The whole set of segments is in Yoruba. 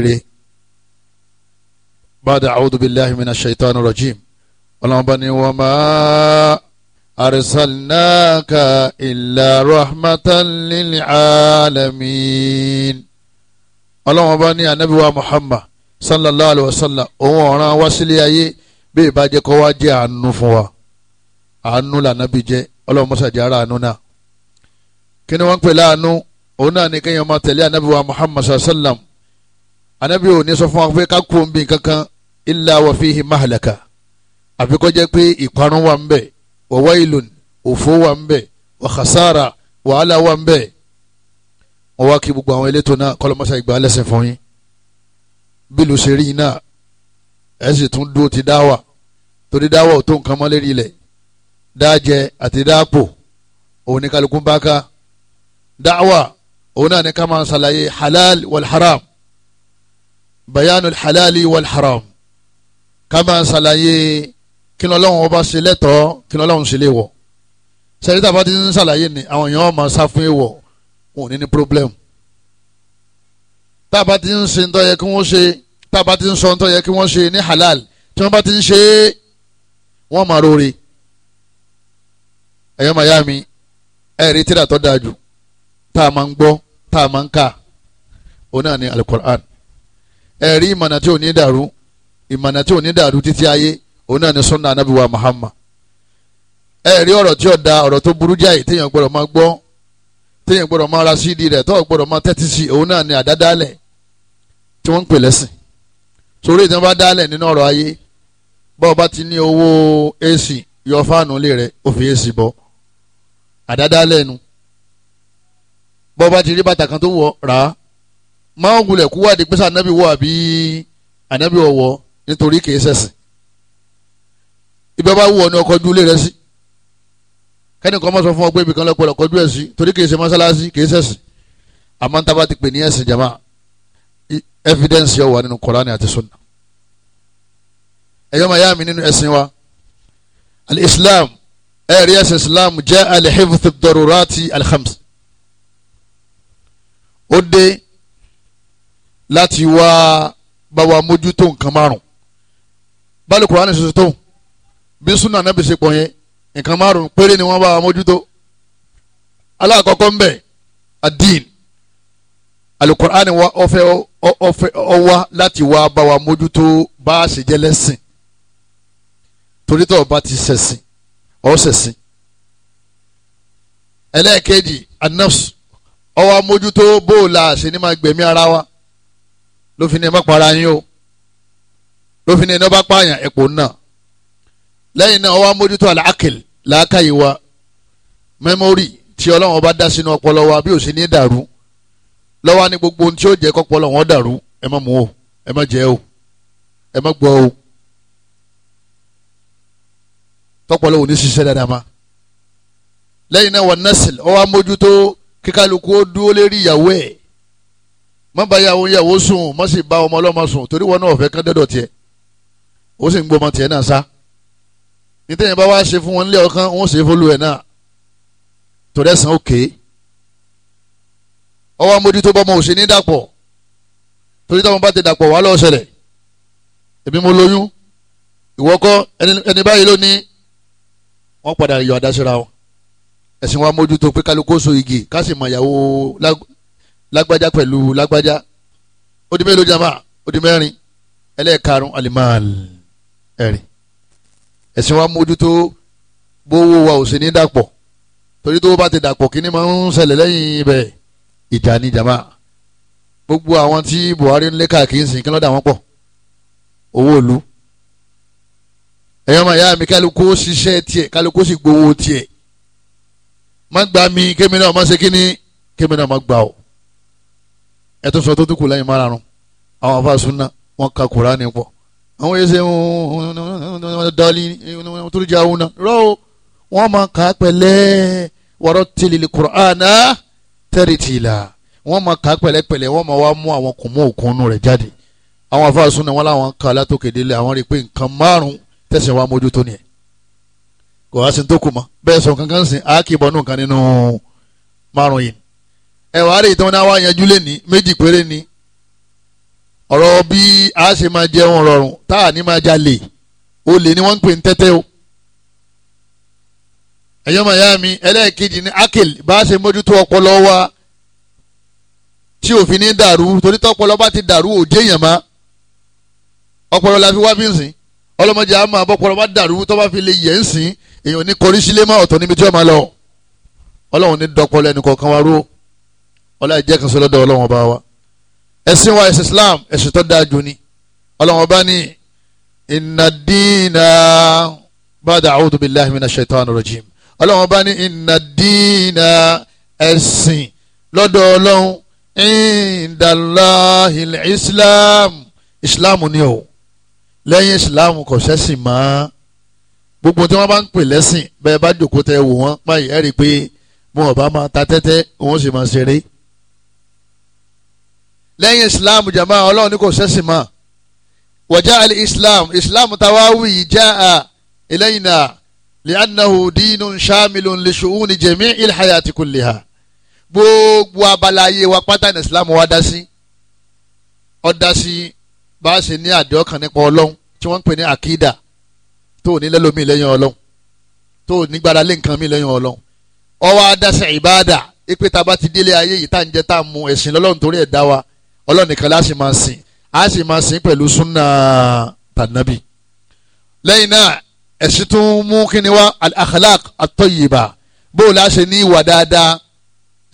rere bàdà àwùdù bíláhi mina ṣèitánì rọjìm ọlọ́mọba ni wọ́n máa arsalnaka ilà rahmatan lil alamin ọlọ́mọba ni anabiwa muhammad sallallahu alayhi wa sallam òun ọ̀ràn wá sílé ayé bí ìbàjẹ́ kọ́ wá jẹ́ àánú fún wa àánú lànàbí jẹ́ ọlọ́mọsàjà ara àánú náà kí ni wọ́n ń pè láàánú òun náà ni kéèyàn máa tẹ̀lé anabiwa muhammad sallallahu alayhi wa sallam anabi ò ní sọ fún wa pé ká kú omi kankan illa wa fihi mahlaka àfi kó jẹ́ pé ìparun wà ń bẹ wa wailun òfò wà ń bẹ wa khasara wàhálà wà ń bẹ wọ́n wá kí gbogbo àwọn elétò náà kọ́lọ́mọ́sá ìgbà lẹ́sẹ̀ fún yín bílù ṣe rí náà ẹ̀ sì tún dúró ti dáwà torí dáwà ò tó nǹkan mọ́ lérí ilẹ̀ dájẹ àti dáàpò òun ní kálukú bá ká dáwà òun náà ní ká máa ṣàlàyé halal wal bayanu halali wal haram kama ṣàlàyé kí Ọlọ́hun ọba ṣe lẹ́tọ̀ọ́ kí Ọlọ́hun ṣe léèwọ̀ sẹ́yìn tí a bá ti ń ṣàlàyé ni àwọn èèyàn máa sá fún èèwọ̀ wọn ò ní ní problem tá a bá ti ń ṣe ntọ́ yẹ kí wọ́n ṣe tá a bá ti halal tí wọ́n bá ti ń ṣe é wọ́n máa rore ẹ̀yọ́ mayami ẹ̀rí tíra tó dáa jù tá a máa ń gbọ́ tá a máa ń kà ó náà ní alukur'an ẹ̀rí ìmọ̀nà tí ò ní dàrú ìmọ̀nà tí ò ní dàrú títí ayé òun náà ni sunna anabi muhammad ẹ̀rí ọ̀rọ̀ tí ó da ọ̀rọ̀ tó burú jáì téèyàn gbọ́dọ̀ máa gbọ́ téèyàn gbọ́dọ̀ máa ra CD rẹ̀ tó gbọ́dọ̀ máa tẹ́tí sí òun náà ni àdádálẹ̀ tí wọ́n ń pè lẹ́sìn ìtàn bá dálẹ̀ nínú ọ̀rọ̀ ayé ti ní owó ac yọ fáànù ilé rẹ̀ ó fi ac bọ́ àdádálẹ̀ nu bọ́ọ̀ bá ti rí bàtà kan tó wọ̀ rà máa ń wulẹ̀ kú wádìí pé sànàbí wọ àbí ànàbí ọ̀wọ́ nítorí kìí sẹ̀sìn ibẹ̀ bá wù ọ́ ní ọkọ̀ dúlé rẹ sí kẹ́nìkan má sọ fún ọ pé ibìkan lọ́pọ̀ lọ́kọ̀ dúlé sí torí kìí ṣe mọ́sálásí kìí sẹ̀sìn àmọ́ ń tábà ti pè ní ẹ̀sìn jama evidence yọ wà nínú Kùránì àti sunna ẹ̀yọ́ màyá nínú ẹ̀sìn wa al-Islam ẹ̀rí ẹ̀sìn Islam jẹ́ al-hifth ad-darurati al-khams ó dé láti wá bá wa mójútó nǹkan márùn báàlù kùránì ṣoṣo tó bí súnà náà bèsè pọ̀ yẹn nǹkan márùn péré ni wọ́n bá wa mójútó aláàkọ́kọ́ ń bẹ̀ adin alukur'ani wa ọfẹ ọfẹ ọwa láti wá bá wa mójútó bá a ṣe jẹ lẹ́sìn torítọ̀ ọba ti ṣẹ̀sìn ọ̀ṣẹ̀sìn ẹlẹ́ẹ̀kejì anafs ọwa mójútó bóòlà ṣe ni máa gbẹ̀mí ara wa ló fi ní ẹ má para yín o ló fi ní ẹ náà bá pààyàn ẹ̀pò náà lẹ́yìn náà wọ́n á mójútó àlàákìl làákàyè wa mẹ́mórì tí ọlọ́run bá dá sínú ọpọlọ wa bí ò sí ní dàrú lọ́wọ́ ní gbogbo ohun tí ó jẹ́ kọ́pọlọ wọn dàrú ẹ má mú o ẹ má jẹ o ẹ má gbọ́ o tọpọlọ ò ní ṣiṣẹ́ dáadáa ma lẹ́yìn náà wọ́n nẹ́sìl ọwọ́ amójútó kíkálukú ó dúró lérí ìyàwó ẹ̀ má bá yàwó yàwó sùn má sì bá ọmọ ọlọ́mọ sùn torí wọn náà ọ̀fẹ́ kán dẹ́dọ̀ tiẹ̀ ó sì ń gbọmọ tiẹ̀ náà sá nítẹ̀yìn bá wá ṣe fún wọn nílé ọkàn wọn ṣe fọlù ẹ̀ náà torí ẹ̀sán òkè ọwọ́ amójútó bọ́mọ ò ṣe ní dàpọ̀ torí táwọn bá ti dàpọ̀ wà lọ́ọ́ èmi mo lóyún ìwọ́kọ́ ẹni báyìí ló ní wọ́n padà yọ àdáṣe ra wọn ẹ̀sìn wa mójútó pé kálukó so igi ká sì mọ ìyàwó lágbájá pẹ̀lú lágbájá ó di mélòó jama ó di mẹ́rin ẹlẹ́ẹ̀karùn alimal ẹ̀rin ẹ̀sìn wa mójútó bówó wa ò sí ní dàpọ̀ torí tó bá ti dàpọ̀ kí ni máa ń ṣẹlẹ̀ lẹ́yìn ibẹ̀ ìjà ni jama gbogbo àwọn tí Buhari ń lé káàkiri ń sìn kí lọ́dà wọn pọ̀ owó òlu ẹ̀yọ́ máa yá mi kálukú ṣiṣẹ́ tiẹ̀ kálukú sì gbowó tiẹ̀ má gbà mí kémi náà má ṣe kíní kémi náà má gbà ọ́ ẹ tó sọ tó tó kù lẹ́yìn márùn àwọn afa sunna wọn ka kuraani pọ̀ àwọn ẹsẹ dali turuja awuna rọ wọn máa kà á pẹ̀lẹ́ wọrọ tilili kuraana tẹrìtìlà wọn máa kà á pẹ̀lẹ́pẹ̀lẹ́ wọn máa wá mú àwọn kùmọ òkunnu rẹ̀ jáde àwọn afa sunna wọn làwọn kà látòkèdélé àwọn rí i pé nǹkan márùn tẹsán wa mójútó nìyẹn kò wá sí ní tó kù mọ bẹ́ẹ̀ sọ kankan sìn á kì í bọ nù ẹ̀wà rè tí wọ́n náà wá yanjú lé ní méjì péré ni ọ̀rọ̀ bí a ṣe máa jẹun rọrùn tá a ní máa jalè olè ni wọ́n ń pè ní tẹ́tẹ́ o ẹ̀yọ́ màyá mi ẹlẹ́ẹ̀kejì ní akil bá a ṣe mójútó ọpọlọ wa tí òfin ní dàrú torí tọpọlọ bá ti dàrú òjé èèyàn má ọpọlọ la fi wá bí nsìn ọlọmọdé àmọ́ àbọpọlọ bá dàrú tó bá fi lè yẹ nsìn èèyàn ní kọrí sílé má ọ̀tọ̀ níbi tí wọ́n ọlá ìjẹ́ kan sọlọ́dọ̀ ọlọ́wọ́n bá wa ẹ̀sìn wa ẹ̀sìn Islam ẹ̀sìn tó dáa jù ni ọlọ́wọ́n bá ní inna dina ba'da a'udhu billahi minash shaitani rajim ọlọ́wọ́n bá ní inna dina ẹ̀sìn lọ́dọ̀ ọlọ́run indalahil Islam Islam ni o lẹ́yìn Islam kò sẹ́sìn mọ́ gbogbo tí wọ́n bá ń pè lẹ́sìn bẹ́ẹ̀ bá jòkó tẹ wò wọ́n báyìí ẹ̀ pé wọn ò bá máa ta tẹ́tẹ́ wọn sì máa ṣeré lẹ́yìn islam jama ọlọ́run ní kò sẹ́sìn mọ́ wọ́jà àlè islam islam tawáwì yìí já a eléyìí náà li'annahu dinun shamilun li shu'uni jami'il hayati kulliha gbogbo abala ayé wa pátá ní islam wa dá sí ọ dá sí bá a ṣe ní àdéhọ́kàn nípa ọlọ́run tí wọ́n ń pè ní akida tó ní lẹ́lómi lẹ́yìn ọlọ́run tó ní gbára lé nǹkan mi lẹ́yìn ọlọ́run ọwọ́ adásẹ̀ ìbáàdà ipe tá a bá ti délé ayé yìí tá à ń jẹ tá à ń ẹ̀sìn lọ́lọ́run torí ẹ̀ dá wa ọlọ́run nìkan la sì máa sìn a sì máa sìn pẹ̀lú súnà tànàbì lẹ́yìn náà ẹ̀sìn tún mú kíni wá al-akhlaq at-tayyiba bó o la ṣe ní ìwà dáadáa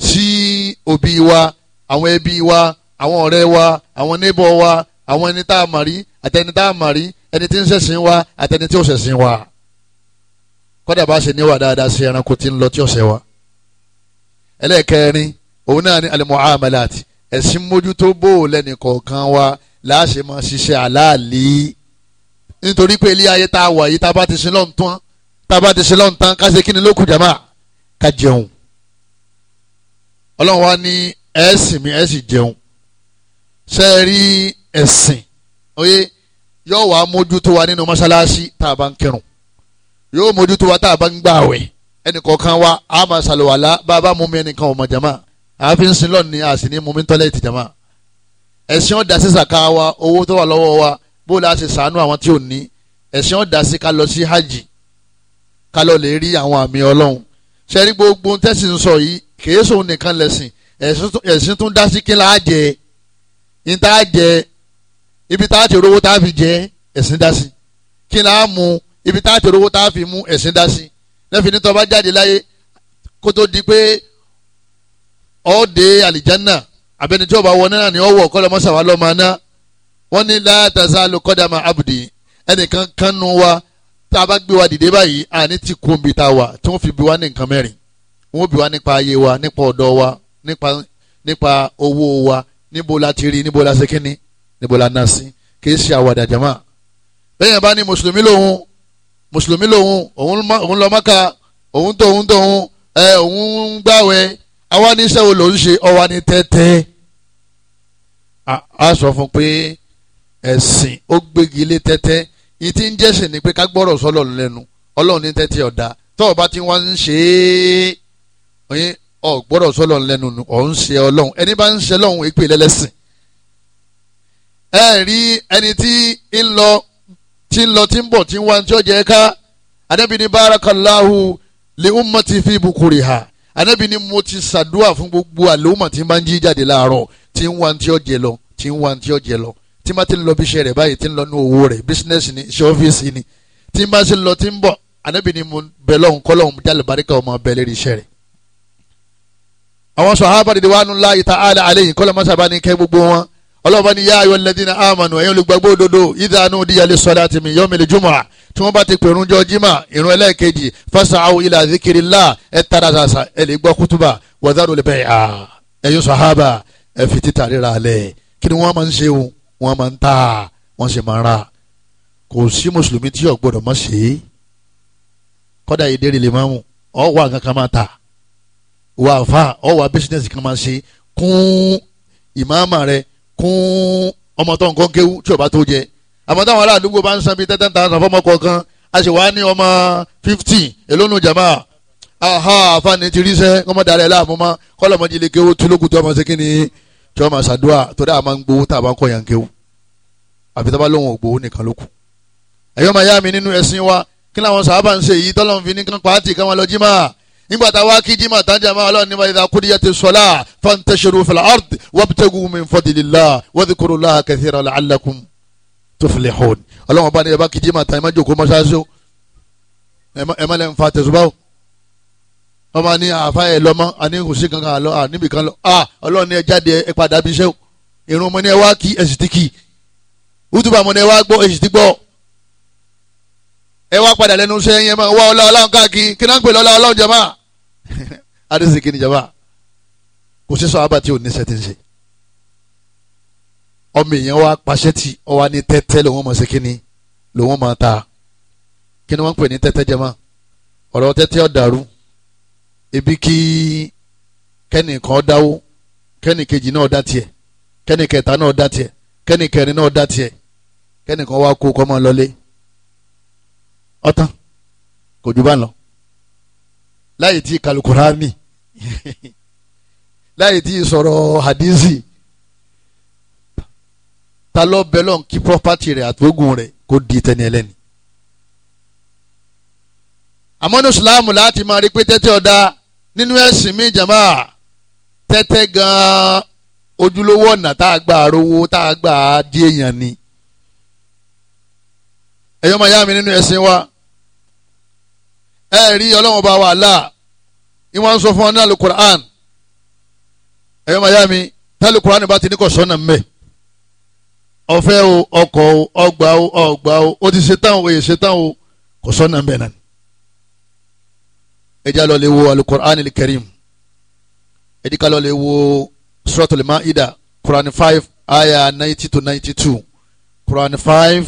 sí òbí wa àwọn ẹbí wa àwọn ọ̀rẹ́ wa àwọn níbọ̀ wa àwọn ẹni tá a mọ̀ rí àtẹni tá a mọ̀ rí ẹni tí ń ṣẹ̀sìn wa àtẹni tí ó ṣẹ̀sìn wa kọ́dà bá ṣe níwà dáadáa sí ẹranko tí ń lọ tí ó ṣẹ̀ wa. ẹlẹ́ẹ̀kẹrin òun náà ni al-muamalat ẹ̀sìn mójútó bò lẹ́nì kọ̀ọ̀kan wa láṣẹ máa ṣiṣẹ́ àláàlì nítorí pé ilé ayé tá a wà yìí tá a bá ti sin lọ́n tá a bá ti sin lọ́n ká ṣe kí ni lókùn jàmá ká jẹun ọlọ́run wa ní ẹ̀sìn mi ẹ̀sìn jẹun ṣe é rí ẹ̀sìn oyè yóò wá mójútó wa nínú mọ́ṣáláṣí tá a bá ń kírun yóò mójútó wa tá a bá ń gbààwẹ̀ ẹnì kọ̀ọ̀kan wa a máa ṣàlùwàlá bá a bá mú mi ẹnìkan ọmọ jàmá àáfin sin lọ́ọ̀ni a sì ní mumi tọ́lẹ̀tì jama ẹ̀sìn ọ̀dà sí sàká wa owó tó wà lọ́wọ́ wa bó la ṣe sàánú àwọn tí ò ní ẹ̀sìn ọ̀dà sí ká lọ sí hajj ká lọ lè rí àwọn àmì ọlọ́run sẹ́ni gbogbo tẹ́sí ń sọ yìí kìí sóun nìkan lẹ̀sìn ẹ̀sìn tún dá sí kí la jẹ ní tá a jẹ ibi tá a ti rówó tá a fi jẹ ẹ̀sìn dá sí kí la mú ibi tá a ti rówó tá a fi mú ẹ̀sìn dá sí lẹ́fìn ọ́ dé àlìjánà àbẹni tí ó bá wọ náà ni ó wọ̀ kọ́lọ́ mọ́sàwá lọ́ọ́ máa ná wọ́n ní látàzá lókọ́dàmà abudi. ẹnìkan kánú wa tá a bá gbé wa dìde báyìí àní ti kú omi tá a tí wọ́n fi bí wa ní nǹkan mẹ́rin wọ́n bí wa nípa ayé wa nípa ọ̀dọ́ wa nípa nípa owó wa níbo la ti rí níbo la ṣe kíní níbo la ná sí kì í ṣe àwàdà jama bẹ́ẹ̀ yẹn bá ní mùsùlùmí lòun mùsùlùmí lòun òun lọ Mákà òun tó òun tó òun ẹ òun gbàwẹ̀ àwa ní sẹ́wọ̀n ló ń ṣe ọwa ní tẹ́tẹ́ a sọ fún pé ẹ̀sìn ó gbégi lé tẹ́tẹ́ yìí ti ń jẹ́sìn ni pé ká gbọ́rọ̀ sọ́lọ̀ lẹ́nu ọlọ́run ní tẹ́tẹ́ ọ̀dà tọ́wọ́ bá ti wá ń ṣe é oyin ọ gbọ́dọ̀ sọ́lọ̀ lẹ́nu ọ̀ ń ṣe ọlọ́run ẹni bá ń ṣe ọlọ́run èpè lẹ́lẹ́sìn ẹ rí ẹni tí ń lọ tí ń lọ tí ń bọ̀ tí ń wá tí ó jẹ́ ká adébíní lè ń mọ̀ ti fi bukuri ha anabi ni mo ti ṣàdúrà fún gbogbo àlòmọ̀ tí n bá ń jí jáde láàárọ̀ tí ń wá ní tí ó jẹ lọ tí ń wá ní tí ó jẹ lọ tí má ti ń lọ bí iṣẹ́ rẹ̀ báyìí tí ń lọ ní owó rẹ̀ bísínẹ́sì ni iṣẹ́ ọ́fíìsì ni tí má ti ń lọ tí ń bọ̀ anabi ni mo bẹ lọ́hùn kọ́ lọ́hùn jálè baríkà ọmọ bẹ lérí iṣẹ́ rẹ̀. àwọn sọ̀hábà dìde wàánu láàyè ta àlà àlẹ́ kọ́lọ́ ọlọ́ọ̀bá ni yáa ayọ̀lẹ̀ dín ní àmàlù ẹ̀yin olùgbàgbọ́ òdodo ìdánù díyàlẹ̀ sọ́dá ti mi yọ́mìlì jùmọ̀ tí wọ́n bá ti pèrún jọ jimá ìrún ẹlẹ́ẹ̀kejì fásá àwọn ilà zikiri la ẹ tara sàṣà ẹ lè gbọ́ kútùbà wàdàrú lè bẹ́ẹ̀ à ẹ̀yin sọ̀hábà ẹ fi títà ríra lẹ̀ kí ni wọ́n máa ń ṣe o wọ́n máa ń ta wọ́n sì máa ń ra kò sí mùsùlùmí tí ò gbọ́dọ̀ má ṣe é kọ́dà ìdérè lè máa mú ọ wà nǹkan kan máa ta wà fà ọ wà bísíǹnẹ̀sì kan máa ṣe kún ìmáàmà rẹ̀ kún ọmọ tó nǹkan kéwú tí o bá tó jẹ àmọ́ táwọn ará àdúgbò bá ń san bíi tẹ́tẹ́ ta àtàfọ́ ọmọ kọ̀ọ̀kan a sì wá ní ọmọ fifteen èlónú jama aha àfààní ti ríṣẹ́ ọmọ dàrẹ́ láàmú mọ́ kọ́lọ̀ mọ́ jílé kéwú tí olókùn tí ọmọ ṣe kíni tí ọmọ ṣàdúrà torí àmọ́ ń gbowó tá a bá ń kọ́ yàn kéwú àfi tábà lóhùn ògbówó nìkan ló ẹ̀yọ́ máa yá mi nínú ẹ̀sìn wa kí nígbà tá a wá kí jimá tánjà máa lọ nígbà idha qudiyatis salah fantashiru fil ard wabtagu min fadlillah wadhkurullaha kathiran la'allakum tuflihun. ọlọ́wọ́n bá ní ẹ bá kí jimá tán ẹ má jókòó mọ́ṣáláṣí o ẹ má lẹ́nu fa tẹ̀sùbá o. wọ́n máa ní àfa ẹ̀ lọ́mọ́ àní hùsí kankan àlọ́ àníbì kan lọ à ọlọ́run ni ẹ jáde ẹ padà bí iṣẹ́ o ìrun mọ́ ni arísìkì níjàmbá kò sí abati abàtí òní ṣe ti ń ṣe ọmọ èèyàn wa pàṣẹ tí ọ wa ní lòun mọ̀ sí kíni lòun mọ̀ ta kí ni wọ́n ń pè ní tẹ́tẹ́ jẹ́ mọ́ ọ̀rọ̀ tẹ́tẹ́ ọ̀dàrú ibi kí kẹ́nìkan dáwó kẹ́nìkejì náà dá tiẹ̀ kẹ́nìkẹta náà dá tiẹ̀ kẹ́nìkẹrin náà dá tiẹ̀ kẹ́nìkan wá kó kọ́ mọ́ lọ́lé ọ̀tán kò jù bá ń lọ láyé tí kalukurami, láyé tí sọ̀rọ̀ hadizi ta lọ bẹ lọ́n kí property rẹ̀ àtògùn rẹ̀ kó di tẹni ẹlẹ́ni. àmọ́ ní sùlámù láti máa rí pé tẹ́tẹ́ ọ̀dà nínú ẹ̀sìn mi jàmbá tẹ́tẹ́ gan-an ojúlówó ọ̀nà tá a gbà rówó tá a gbà á di èèyàn ni. ẹ̀yọ́ máa yá mi nínú ẹ̀sìn wa ẹ rí ọlọ́wọ́n bá wà láà ìwọ̀n sọ fún ọ ní alukur'an ẹ̀yọ́ màyá mi tálùkùránì bá ti ní kò sọ́nà mbẹ́ ọ̀fẹ́ o ọkọ̀ o ọgbà o ọgbà o ó ti ṣetán o èyí ṣetán o kò sọ́nà mbẹ́ náà ẹjá lọ lè wo alukur'anil karim ẹdíkà lọ lè wo suratul ma'ida quran five aya ninety to ninety two quran five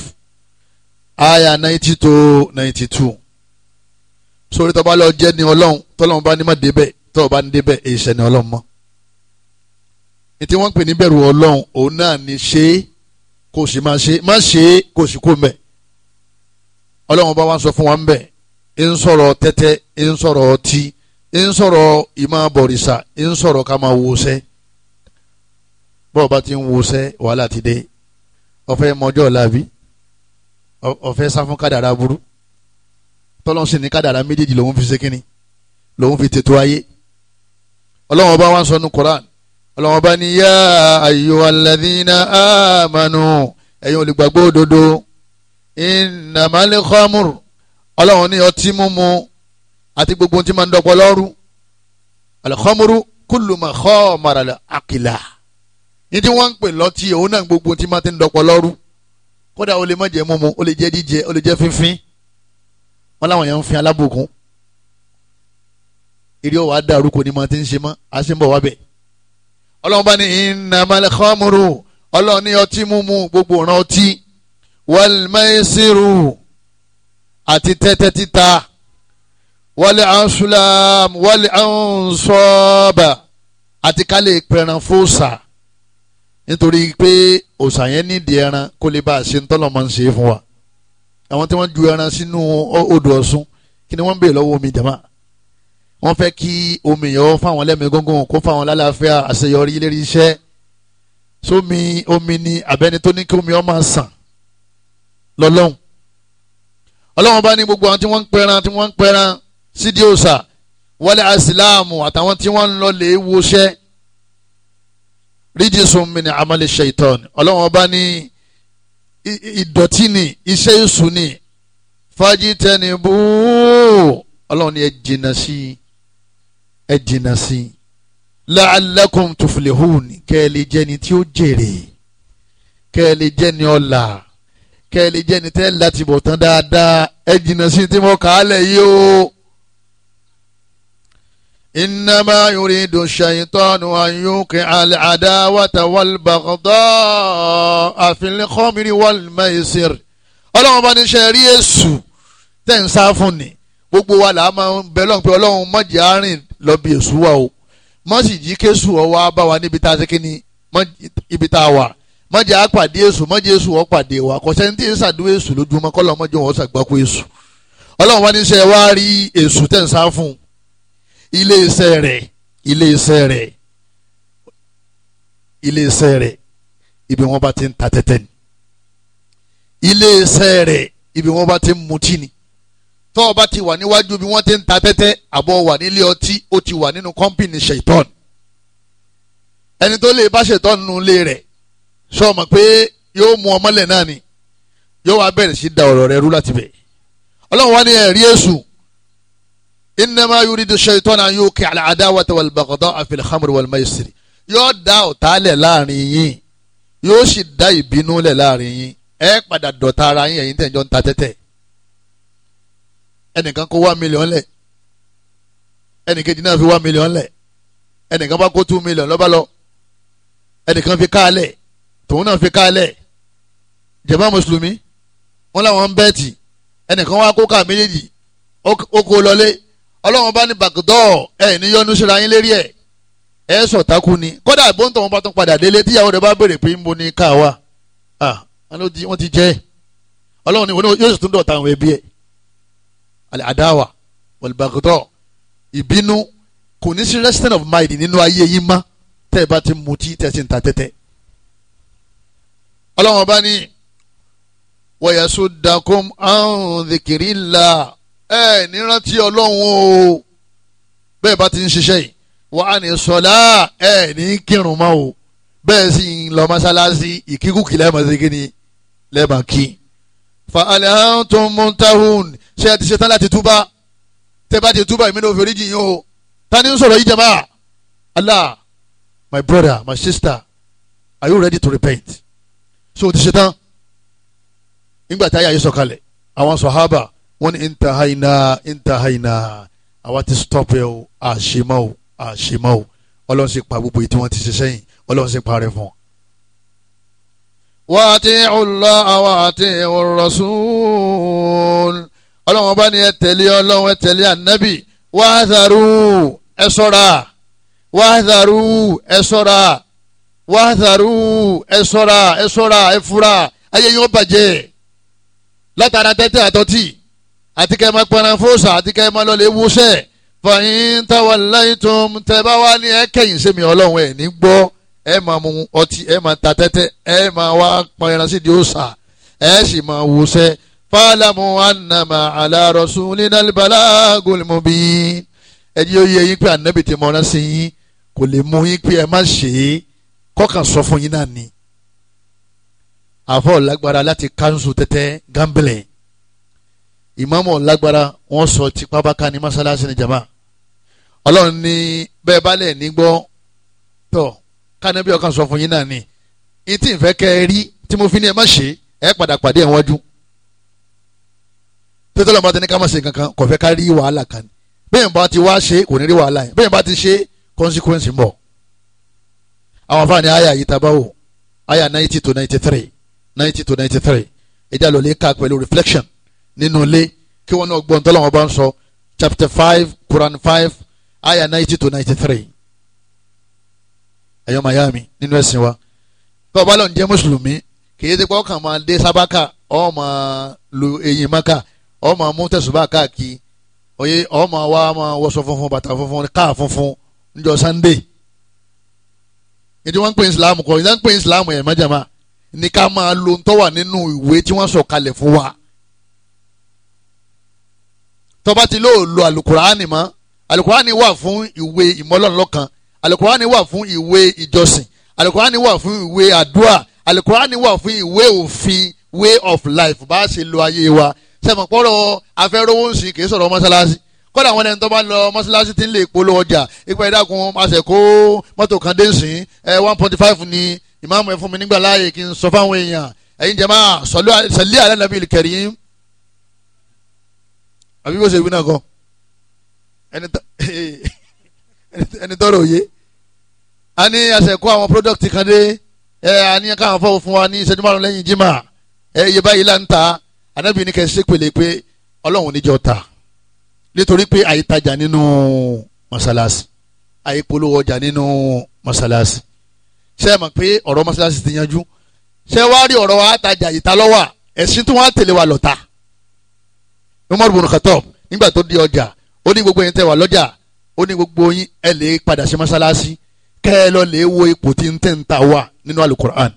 aya ninety to ninety two sórí tọ́ba lọ jẹ́ ni ọlọ́run tọ́lọ́run bá ní má débẹ̀ tọ́ọ̀ bá ní débẹ̀ èyí sẹ́ni ọlọ́run mọ́ ètí wọ́n ń pè ní bẹ̀rù ọlọ́run òun náà ni ṣe é kò sì máa ṣe má ṣe é kò sì kó mbẹ̀ ọlọ́run bá wá sọ fún wa mbẹ̀ ń sọ̀rọ̀ tẹ́tẹ́ ń sọ̀rọ̀ ọtí ń sọ̀rọ̀ ìmọ̀ bọ̀rìṣà ń sọ̀rọ̀ ká máa wọṣẹ́ bọ́ọ̀ bá ti ń wọṣẹ́ wàhálà ti dé ọ̀fẹ́ mọ́jọ́ làbí ọ̀fẹ́ sáfún kádàrá burú tọ́lọ́n sì ní kádàrá méjèèjì lòun fi ṣe kínní lòun fi tètò ayé ọlọ́wọ́n bá wọn sọnù Quran ọlọ́wọ́n bá ní yá ayyuhal ladhina amanu ẹ̀yin olùgbàgbọ́ òdodo innamal khamr ọlọ́wọ́n ní ọtí mímu àti gbogbo ohun tí máa ń dọ́pọ̀ lọ́rù al khamru kullu ma khamara al aqila ní tí wọ́n ń pè lọ́tí òun náà gbogbo ohun tí máa ti ń dọ́pọ̀ lọ́rù kódà o lè má jẹ́ mímu o lè jẹ́ jíjẹ o lè jẹ́ fínfín wọn làwọn yẹn ń fi alábòkun eré ọwọ́ adarú kò ní ma ti ń ṣe mọ́ a ṣe ń bọ̀ wá bẹ̀. ọlọ́run bá ní innamal khamru ọlọ́run ní ọtí mímu gbogbo ọ̀ràn ọtí wal àti tẹ́tẹ́ títa wal ansulam wal ansaba àti ká lè pẹran fóòsà nítorí pé òòsà yẹn nídìí ẹran kó lè bá a ṣe ń tọ́lọ̀ máa ń ṣe é fún wa àwọn tí wọ́n ju ẹran sínú odò ọ̀sùn kí ni wọ́n ń bèèrè lọ́wọ́ omi jama wọ́n fẹ́ kí omi yẹn fáwọn lẹ́mìí gógùn kó fáwọn lálàáfíà àṣeyọrí lérí iṣẹ́ sómi omi ni abẹ́ni tó ní kí omi ó máa sàn lọ́lọ́hùn ọlọ́wọ́n bá ní gbogbo àwọn tí wọ́n ń pẹran tí wọ́n ń pẹran sídìí òòsà wọlé asìláàmù àtàwọn tí wọ́n ń lọ lè wọṣẹ́ rídìí sùn mí ní amalẹ̀ ṣèitọ́ni ọlọ́wọ́n bá ní ìdọ̀tí ni iṣẹ́ èṣù ni fajitanibu ọlọ́run ni ẹ jìnnà sí i ẹ jìnnà sí i la'allakum tuflihun kẹ́ ẹ lè jẹ́ni tí ó jèrè kẹ́ ẹ lè jẹ́ni ọ̀la kẹ́ ẹ lè jẹ́ni tẹ́ láti bọ̀ tán dáadáa ẹ jìnnà sí tí mo kà á lẹ̀ yìí o. إنما يريد الشيطان أن يوقع العداوة والبغضاء في الخمر والميسر ọlọ́run bá ní ṣe rí èṣù tẹ̀ ń sá fún ni gbogbo wa là á máa ń bẹ lọ́n pé ọlọ́run mọ̀jì àárín lọ bí èṣù wa o mọ̀sì jí kéṣù ọwọ́ á bá wa níbi tá a ṣe kíni ibi tá a wà mọ̀jì á pàdé èṣù mọ̀jì èṣù wọ́n pàdé wa kọ̀ṣẹ́ ní tí ń ṣàdúró èṣù lójúmọ́ kọ́lọ́ mọ̀jì wọn ṣàgbákò èṣù ọlọ́run bá ní ṣe èṣù tẹ̀ fún un ilé iṣẹ́ rẹ̀ ilé iṣẹ́ rẹ̀ ilé iṣẹ́ rẹ̀ ibi wọ́n bá ti ń ta tẹ́tẹ́ ni ilé iṣẹ́ rẹ̀ ibi wọ́n bá ti ń mutí ni tọ́ ọ bá ti wà níwájú bí wọ́n ti ń ta tẹ́tẹ́ àbọ̀ wà nílé ọtí ó ti wà nínú kọ́ńpìnì ṣètọ́n ẹni tó lè bá ṣètọ́n nínú ilé rẹ̀ sọ ma pé yóò mú ọmọlẹ̀ náà ni yóò wá bẹ̀rẹ̀ sí da ọ̀rọ̀ rẹ̀ rú láti bẹ̀ ọlọ́run wá ní ẹ̀rí èṣù innama yuridu shaytan an yuqi al-adawata wal-baghdha'a fil-khamri wal-maysiri yóò dá ọ̀tá lẹ̀ láàrin yín yóò sì dá ìbínú lẹ̀ láàrin yín ẹ padà dọ̀tá ara yín ẹ̀yin tẹ̀jọ́ ń ta tẹ́tẹ́ ẹnìkan kó wá mílíọ̀n lẹ̀ ẹnìkejì náà fi wá mílíọ̀n lẹ̀ ẹnìkan bá kó tú mílíọ̀n lọ́ba lọ ẹnìkan fi káàlẹ̀ tòun náà fi káàlẹ̀ jàmá mùsùlùmí wọn làwọn ń bẹ́ẹ̀tì ẹnìkan wá kó káà méjèèjì ó kó lọlé ọlọ́run bá ní bàgùdọ́ ẹ̀ níyọnu síra yín lérí ẹ̀ ẹ̀ sọ̀tákù ni kódà bóńtọ̀ wọn bá tún padà délé tíyàwó rẹ̀ bá béèrè pé ń bo ní ká wa wọ́n ti jẹ́ ẹ̀ ọlọ́run ni wọn yóò sì tún dọ̀tà àwọn ẹbí ẹ̀ àdáwà wọ̀lbàgùdọ́ ìbínú kò ní sí resting of mind nínú ayé yín má tẹ́ ẹ bá ti mutí tẹ́ ẹ sì ń ta tẹ́tẹ́ ọlọ́run bá ní wọ̀yẹ̀sùn dàkún àwọn dìkìrì là ẹ ní rántí ọlọ́run o bẹ́ẹ̀ bá ti ń ṣiṣẹ́ yìí wà á ní sọlá ẹ ní kírun mọ́ o bẹ́ẹ̀ sì ń lọ mọ́sálásí ìkíkùkì lẹ́ẹ̀mọ́sẹ́gẹ́ ni lẹ́ẹ̀mọ́ kí. fa alhantum muntahun ṣé ẹ ti ṣetán láti túbà tẹ́ bá ti túbà èmi ní òfin oríjì yín o ta ni ń sọ̀rọ̀ yìí jẹ́ Allah my brother my sister are you ready to repent so o ti ṣetán nígbà tí ayé ayé sọ̀kalẹ̀ àwọn sọ̀hábà wọ́n ní intahaina intahaina àwa ti stop ẹ o àṣemọ́ o àṣemọ́ o ọlọ́run sì pa gbogbo èyí tí wọ́n ti ṣe sẹ́yìn ọlọ́run sì parẹ́ fún wọn. wà á ti ọlọ́ àwọn àti ìrọ̀sùn ọlọ́run bá ní ẹ tẹ̀lé ọlọ́run ẹ tẹ̀lé ànábì wà á dàrú ẹ sọ́ra wà á dàrú ẹ sọ́ra wà á dàrú ẹ sọ́ra ẹ sọ́ra ẹ fura ayé yóò bàjẹ́ látara tẹ́tẹ́ àtọ́tì àti kẹ́ ẹ máa pẹran fóòsà àti kẹ́ ẹ máa lọ lè wúṣẹ́ fàyín táwa láìtún tẹ bá wá ní ẹ kẹ́yìn sẹ́mi ọlọ́run ẹ̀ ní gbọ́ ẹ máa mu ọtí ẹ máa ta tẹ́tẹ́ ẹ máa wá pẹran sí di òòsà ẹ sì máa wúṣẹ́ fàlámù ànàmà àlàrọ̀sùn nínàlìbàlà gòlìmọ̀bí ẹ̀jẹ̀ ó yẹ yín pé ànábì ti mọ̀ràn sí yín kò lè mú yín pé ẹ má ṣe é kọ́kàn sọ fún yín náà ni àfọ̀ lágbára láti kánṣu tẹ́tẹ́ gambling ìmáàmù lágbára wọ́n sọ tipa báka ní mọ́sálásí ní jama ọlọ́run ní bẹ́ẹ̀ balẹ̀ nígbọ́ tọ̀ kánẹ́bí ọkàn sọ fún yín náà ni n tí n fẹ́ kẹ́ ẹ rí tí mo fi ní ẹ má ṣe ẹ padà pàdé ẹ̀ wọ́n dún tètè lọ́mọdé ní ká má ṣe kankan kò fẹ́ ká rí wàhálà kan bẹ́ẹ̀ bá ti wá ṣe kò ní rí wàhálà yẹn bẹ́ẹ̀ bá ti ṣe consequence ń bọ̀ àwọn afáàní àyà yìí tabawo àyà ninety to ninety three ninety to ninety three ìjà lọ́lẹ́ ká pẹ̀lú reflection nínú ilé kí wọ́n náà gbọ́ ohun tọ́lọ́wọ́n bá ń sọ chapter five Quran five ayah ninety to ninety three ẹ̀yọ́ Miami, nínú ẹ̀sìn wa tó o bá lọ ń jẹ́ mùsùlùmí kìí ti pé ọkàn máa dé sábàkà ọ máa lu eyín maka ọ máa mú tẹ̀sùbà káàkiri oye ọ máa wá máa wọṣọ funfun bàtà funfun káà funfun níjọ́ Sunday ètò wọn ń pè Islam kọ ìdá ń pè Islam ẹ̀ mọ́jàmá ní ká máa lo ń tọ́wà nínú ìwé tí wọ́n sọ kalẹ̀ fún wa tọba ti lóò lo alukurani mọ́ alukurani wà fún ìwé ìmọlọ́nlọ́kan alukurani wà fún ìwé ìjọsìn alukurani wà fún ìwé àdúrà alukurani wà fún ìwé òfin way of life bá a ṣe lo ayé wa sẹ́mi pọ́rọ̀ afẹ́rówó ń sìn kì í sọ̀rọ̀ mọ́ṣáláṣí kọ́dà àwọn ẹni tó bá lọ mọ́ṣáláṣí ti ń lè polówó ọjà ipa ìdákun máṣe kó mọ́tò kan dé sìn ẹ one point five ni ìmáàmù ẹ fún mi nígbà láàyè kí n sọ fáwọn èèyàn ẹ̀yin jẹ́ máa sọ̀lú àlẹ́ nàbí kẹrin àbí bó ṣe wí náà kọ́ ẹni tọ́rọ òye a ní àṣẹ kó àwọn product kan dé ẹ a ní káwọn fọwọ́ fún wa ní ìṣẹ́jú márùn lẹ́yìn jimá ẹ iye báyìí là ń ta anábìyí ni kẹ́ ẹ ṣe pèlè pé ọlọ́run níjọ ta nítorí pé àìtajà nínú mọ́sálásí àìpolówó ọjà nínú mọ́sálásí ṣé ẹ mọ̀ pé ọ̀rọ̀ mọ́sálásí ti yanjú ṣé wàá rí ọ̀rọ̀ wa àtajà ìtalọ́wà ẹ̀sìn tí wọ́n á tẹ̀lé wa lọ́ta. Umar ibn Khattab nígbà tó di ọjà ó ní gbogbo yín tẹ́ wà lọ́jà ó ní gbogbo yín ẹ lè padà sí mọ́sálásí kẹ́ ẹ lọ lè wo ipò tí ń tẹ̀ ń ta wà nínú alukur'an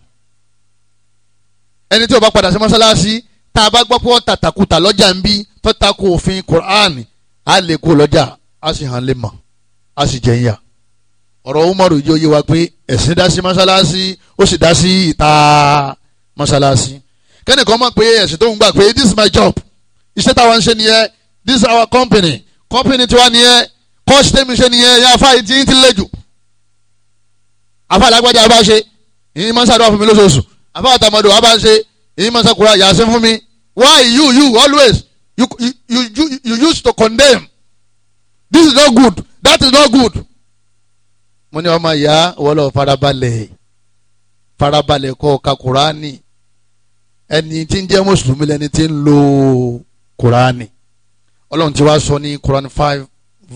ẹni tí ó bá padà sí mọ́sálásí tá a bá gbọ́ pé ọ̀tà takuta lọ́jà ń bí tó tako òfin kur'an á lè kó lọ́jà á sì hàn lè mọ̀ á sì jẹ́ ìyà ọ̀rọ̀ umaru ìjọ yé wa pé ẹ̀sìn dá sí mọ́sálásí ó sì dá sí ìta mọ́sálásí kẹ́nìkan mọ̀ pé ẹ̀sìn tó ń gbà pé this is my job iṣẹ́ táwọn ń ṣe nìyẹn this is our company company tiwa nìyẹn kọ́ọ̀ṣì tẹ́mi ṣe nìyẹn ẹ̀yà afá yìí ti ń ti lé jù afá alágbájá bá ṣe ìyín máa ń ṣàdúrà fún mi lóṣooṣù afá àtàmọ̀dò wa bá ń ṣe ìyín máa ń ṣàkúrà yàá ṣe fún mi why you you always you, you, you, you used to condemn this is not good that is not good mo ní ọmọ ìyá wọlé farabalẹ̀ farabalẹ̀ kọ́ ka Kùránì ẹni tí ń jẹ́ mùsùlùmí lẹni tí ń lo kuraani ọlọ́run ti wá sọ ní quran five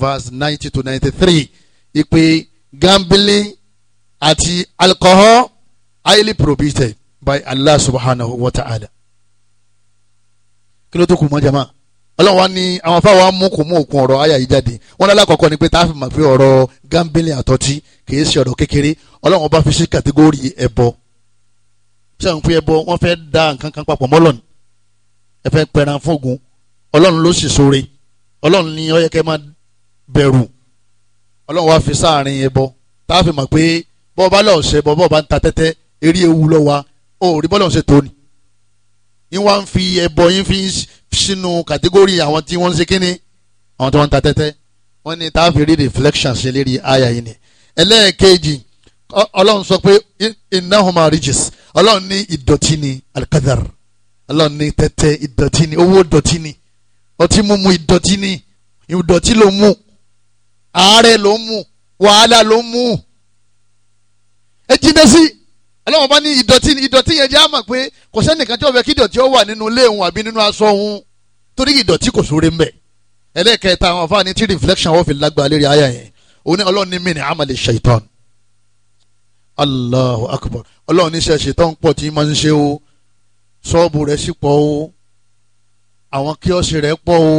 verse ninety to ninety three ìpè gambling àti alcohol highly prohibited by allah subhanahu wa ta'ala kí ló tó kù mọ́ jama ọlọ́run wa ní àwọn afáwa mú kó mú òkun ọ̀rọ̀ àyà yìí jáde wọn lọ́la kọ̀ọ̀kan ni pé tá a fi mọ̀ pé ọ̀rọ̀ gambling àtọ́tí kìí ṣe ọ̀rọ̀ kékeré ọlọ́run bá fi sí kàtígórì ẹ̀bọ sẹ́wọ̀n pé ẹ̀bọ wọ́n fẹ́ da nǹkan kan papọ̀ mọ́lọ́ni ẹ fẹ́ pẹran fún ogun ọlọ́run ló sì sóore ọlọ́run ní ó yẹ kẹ́ máa bẹ̀rù ọlọ́run wá fi sáàrin yẹn bọ tá a fi mọ̀ pé bọ́ọ̀ bá lọ́ọ̀ ṣe bọ́ bọ́ọ̀ bá ń ta tẹ́tẹ́ eré ewu lọ wa ó rí bọ́ọ̀lù ṣe tóni yín wá ń fi ẹbọ yín fi sínú kàtégórì àwọn tí wọ́n ń ṣe kínní àwọn tí wọ́n ń ta tẹ́tẹ́ wọ́n ní tá a fi rí reflection ṣe lérí àyà yìí ni ẹlẹ́ẹ̀kejì ọlọ́run sọ pé innahuma rijis ọlọ́run ní ìdọ̀tí ni alkadar ọlọ́run ní tẹ́tẹ́ ìdọ̀tí ni owó dọ̀tí ni ọtí mímu ìdọ̀tí ni ìdọ̀tí ló mú àárẹ̀ ló mú wàhálà ló mú ẹ jíndé sí ọlọ́wọ́n bá ní ìdọ̀tí ìdọ̀tí yẹn jẹ́ àmọ̀ pé kò sẹ́nìkan tí ó fẹ́ kí ìdọ̀tí ó wà nínú ilé òun àbí nínú aṣọ òun torí ìdọ̀tí kò sóore mbẹ̀ ẹlẹ́ẹ̀kẹta àwọn afáà ní tí reflection wọ́n fi lágbá lérí àyà yẹn òun ní ọlọ́run ní mí ní àmàlẹ̀ ṣèitán Allahu akbar ọlọ́run ní sẹ́ ṣèitán pọ̀ tí máa ń ṣe o ṣọ́ọ̀bù rẹ̀ sì pọ̀ o àwọn kíọ́sì rẹ̀ pọ̀ o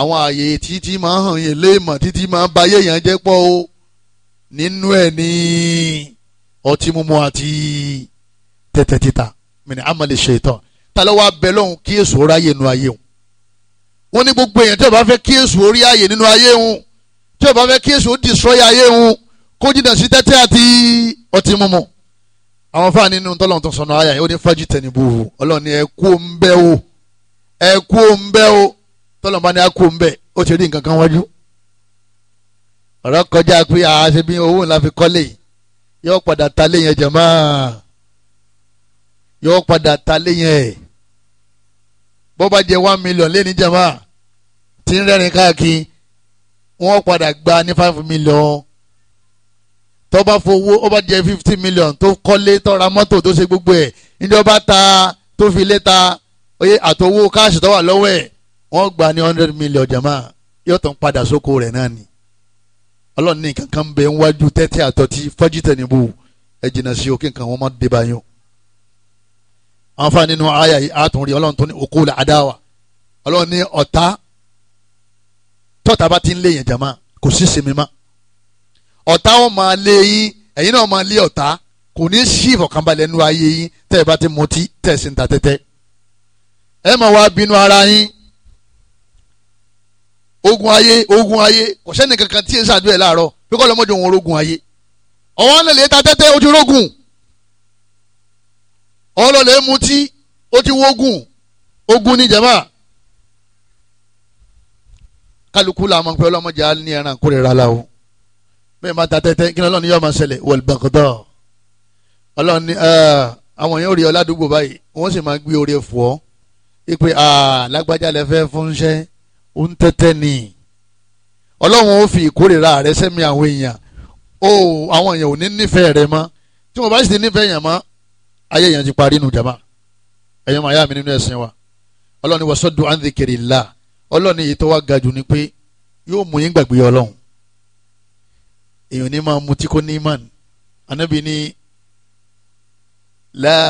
àwọn àyè títí máa hàn yẹn léèmọ̀ títí máa bayé yẹn jẹ́ pọ̀ o nínú ẹ̀ ní ọtí mímu àti tẹ́tẹ́ títa mìíràn amali ṣaitan tálọ́ wá bẹ lọ́hùn kí èso ráyè nu ayé òun wọ́n ní gbogbo èèyàn tí ó bá fẹ́ kí èso orí ààyè nínú ayé òun tí ó bá fẹ́ kí èso destroy ayé òun kó jìnnà sí tẹ́tẹ́ àti ọtí mímu àwọn fáà nínú tọ́lọ́hún tó sọnù ayà yìí ó ní fájì tẹ̀nìbù ọlọ́ọ̀ni ẹ̀ ń bẹ́ o ẹ kú òǹbẹ o tọ́lọ́mọba ni a kú òǹbẹ ó ti rí nǹkan kan wájú ọ̀rọ̀ kọjá pé àṣẹ bí owó ńlá fi kọ́lé yóò padà ta lé yẹn jẹ̀mọ́ yóò padà ta lé yẹn bó bá jẹ one million lé ní jẹ̀mọ́ tí ń rẹ́rìn káàkiri wọ́n padà gba ní five million tó bá fowó ó bá jẹ fifty million tó kọ́lé tó ra mọ́tò tó ṣe gbogbo ẹ̀ níjọba ta tó fi lé ta oye àtọwọ́ káàsì tó wà lọ́wọ́ ẹ̀ wọ́n gba ní hundred million jama yóò tán padà sóko rẹ̀ náà ni ọlọ́run ní kankan bẹ ń wájú tẹ́tẹ́ àtọ́tí fọ́jítẹ̀ níbù ẹ jìnnà sí òkè nǹkan wọn má dé bá yín àǹfààní nínú àyà yìí àtúnrí ọlọ́run tó ní okó la adáwà ọlọ́run ní ọ̀tá tọ́ta bá ti ń lé yẹn jama kò sí sinmi ma ọ̀tá wọn máa lé yín ẹ̀yin náà máa lé ọ̀tá kò ní sí ìfọ̀kànbalẹ̀ nínú ayé yín tẹ́ ẹ bá ti mutí tẹ́ ẹ sì ń ta tẹ́tẹ́ ẹ máa wá bínú ara yín ogun ayé ogun ayé kò sẹ́ni kankan tí ẹ ṣàdúrà láàárọ̀ pé kọ́ lọ́mọdé òun rogun ayé ọ̀wọ́n lè lè ta tẹ́tẹ́ o ti rogun ọlọ́lẹ̀ mutí o ti wogun ogun ní jẹ̀má kálukú la máa ń pẹ́ ọlọ́mọdé á ní ẹran kórìíra la o bẹ́ẹ̀ máa ta tẹ́tẹ́ kí lọ́lọ́ni yóò máa ṣẹlẹ̀ wọ̀lbẹ̀kọ̀tọ̀ ọlọ́ni àwọn yóò rí ọ ládùúgbò báyìí wọ́n sì máa gbé oore fún ọ ipe lágbájá lẹ fẹ́ fúnṣẹ́ ó ń tẹ́tẹ́ ni ọlọ́run ó fi ìkórìíra rẹ sẹ́mi àwọn èèyàn o àwọn èèyàn ò ní nífẹ̀ẹ́ rẹ mọ́ tí wọ́n bá sì ti nífẹ̀ẹ́ yàn mọ́ ayé èèyàn ti parí nu jàmá ẹ̀yọ́ màá yá mi nínú ẹ̀sìn wa ọlọ́run wọ́n sọ́dún àǹdíkèrè là ọlọ́run èyí tó wá ga jù ni pé yóò mú yín gbàgbé ọlọ́run èèyàn ní máa mutí kó ní imán anábì ní láà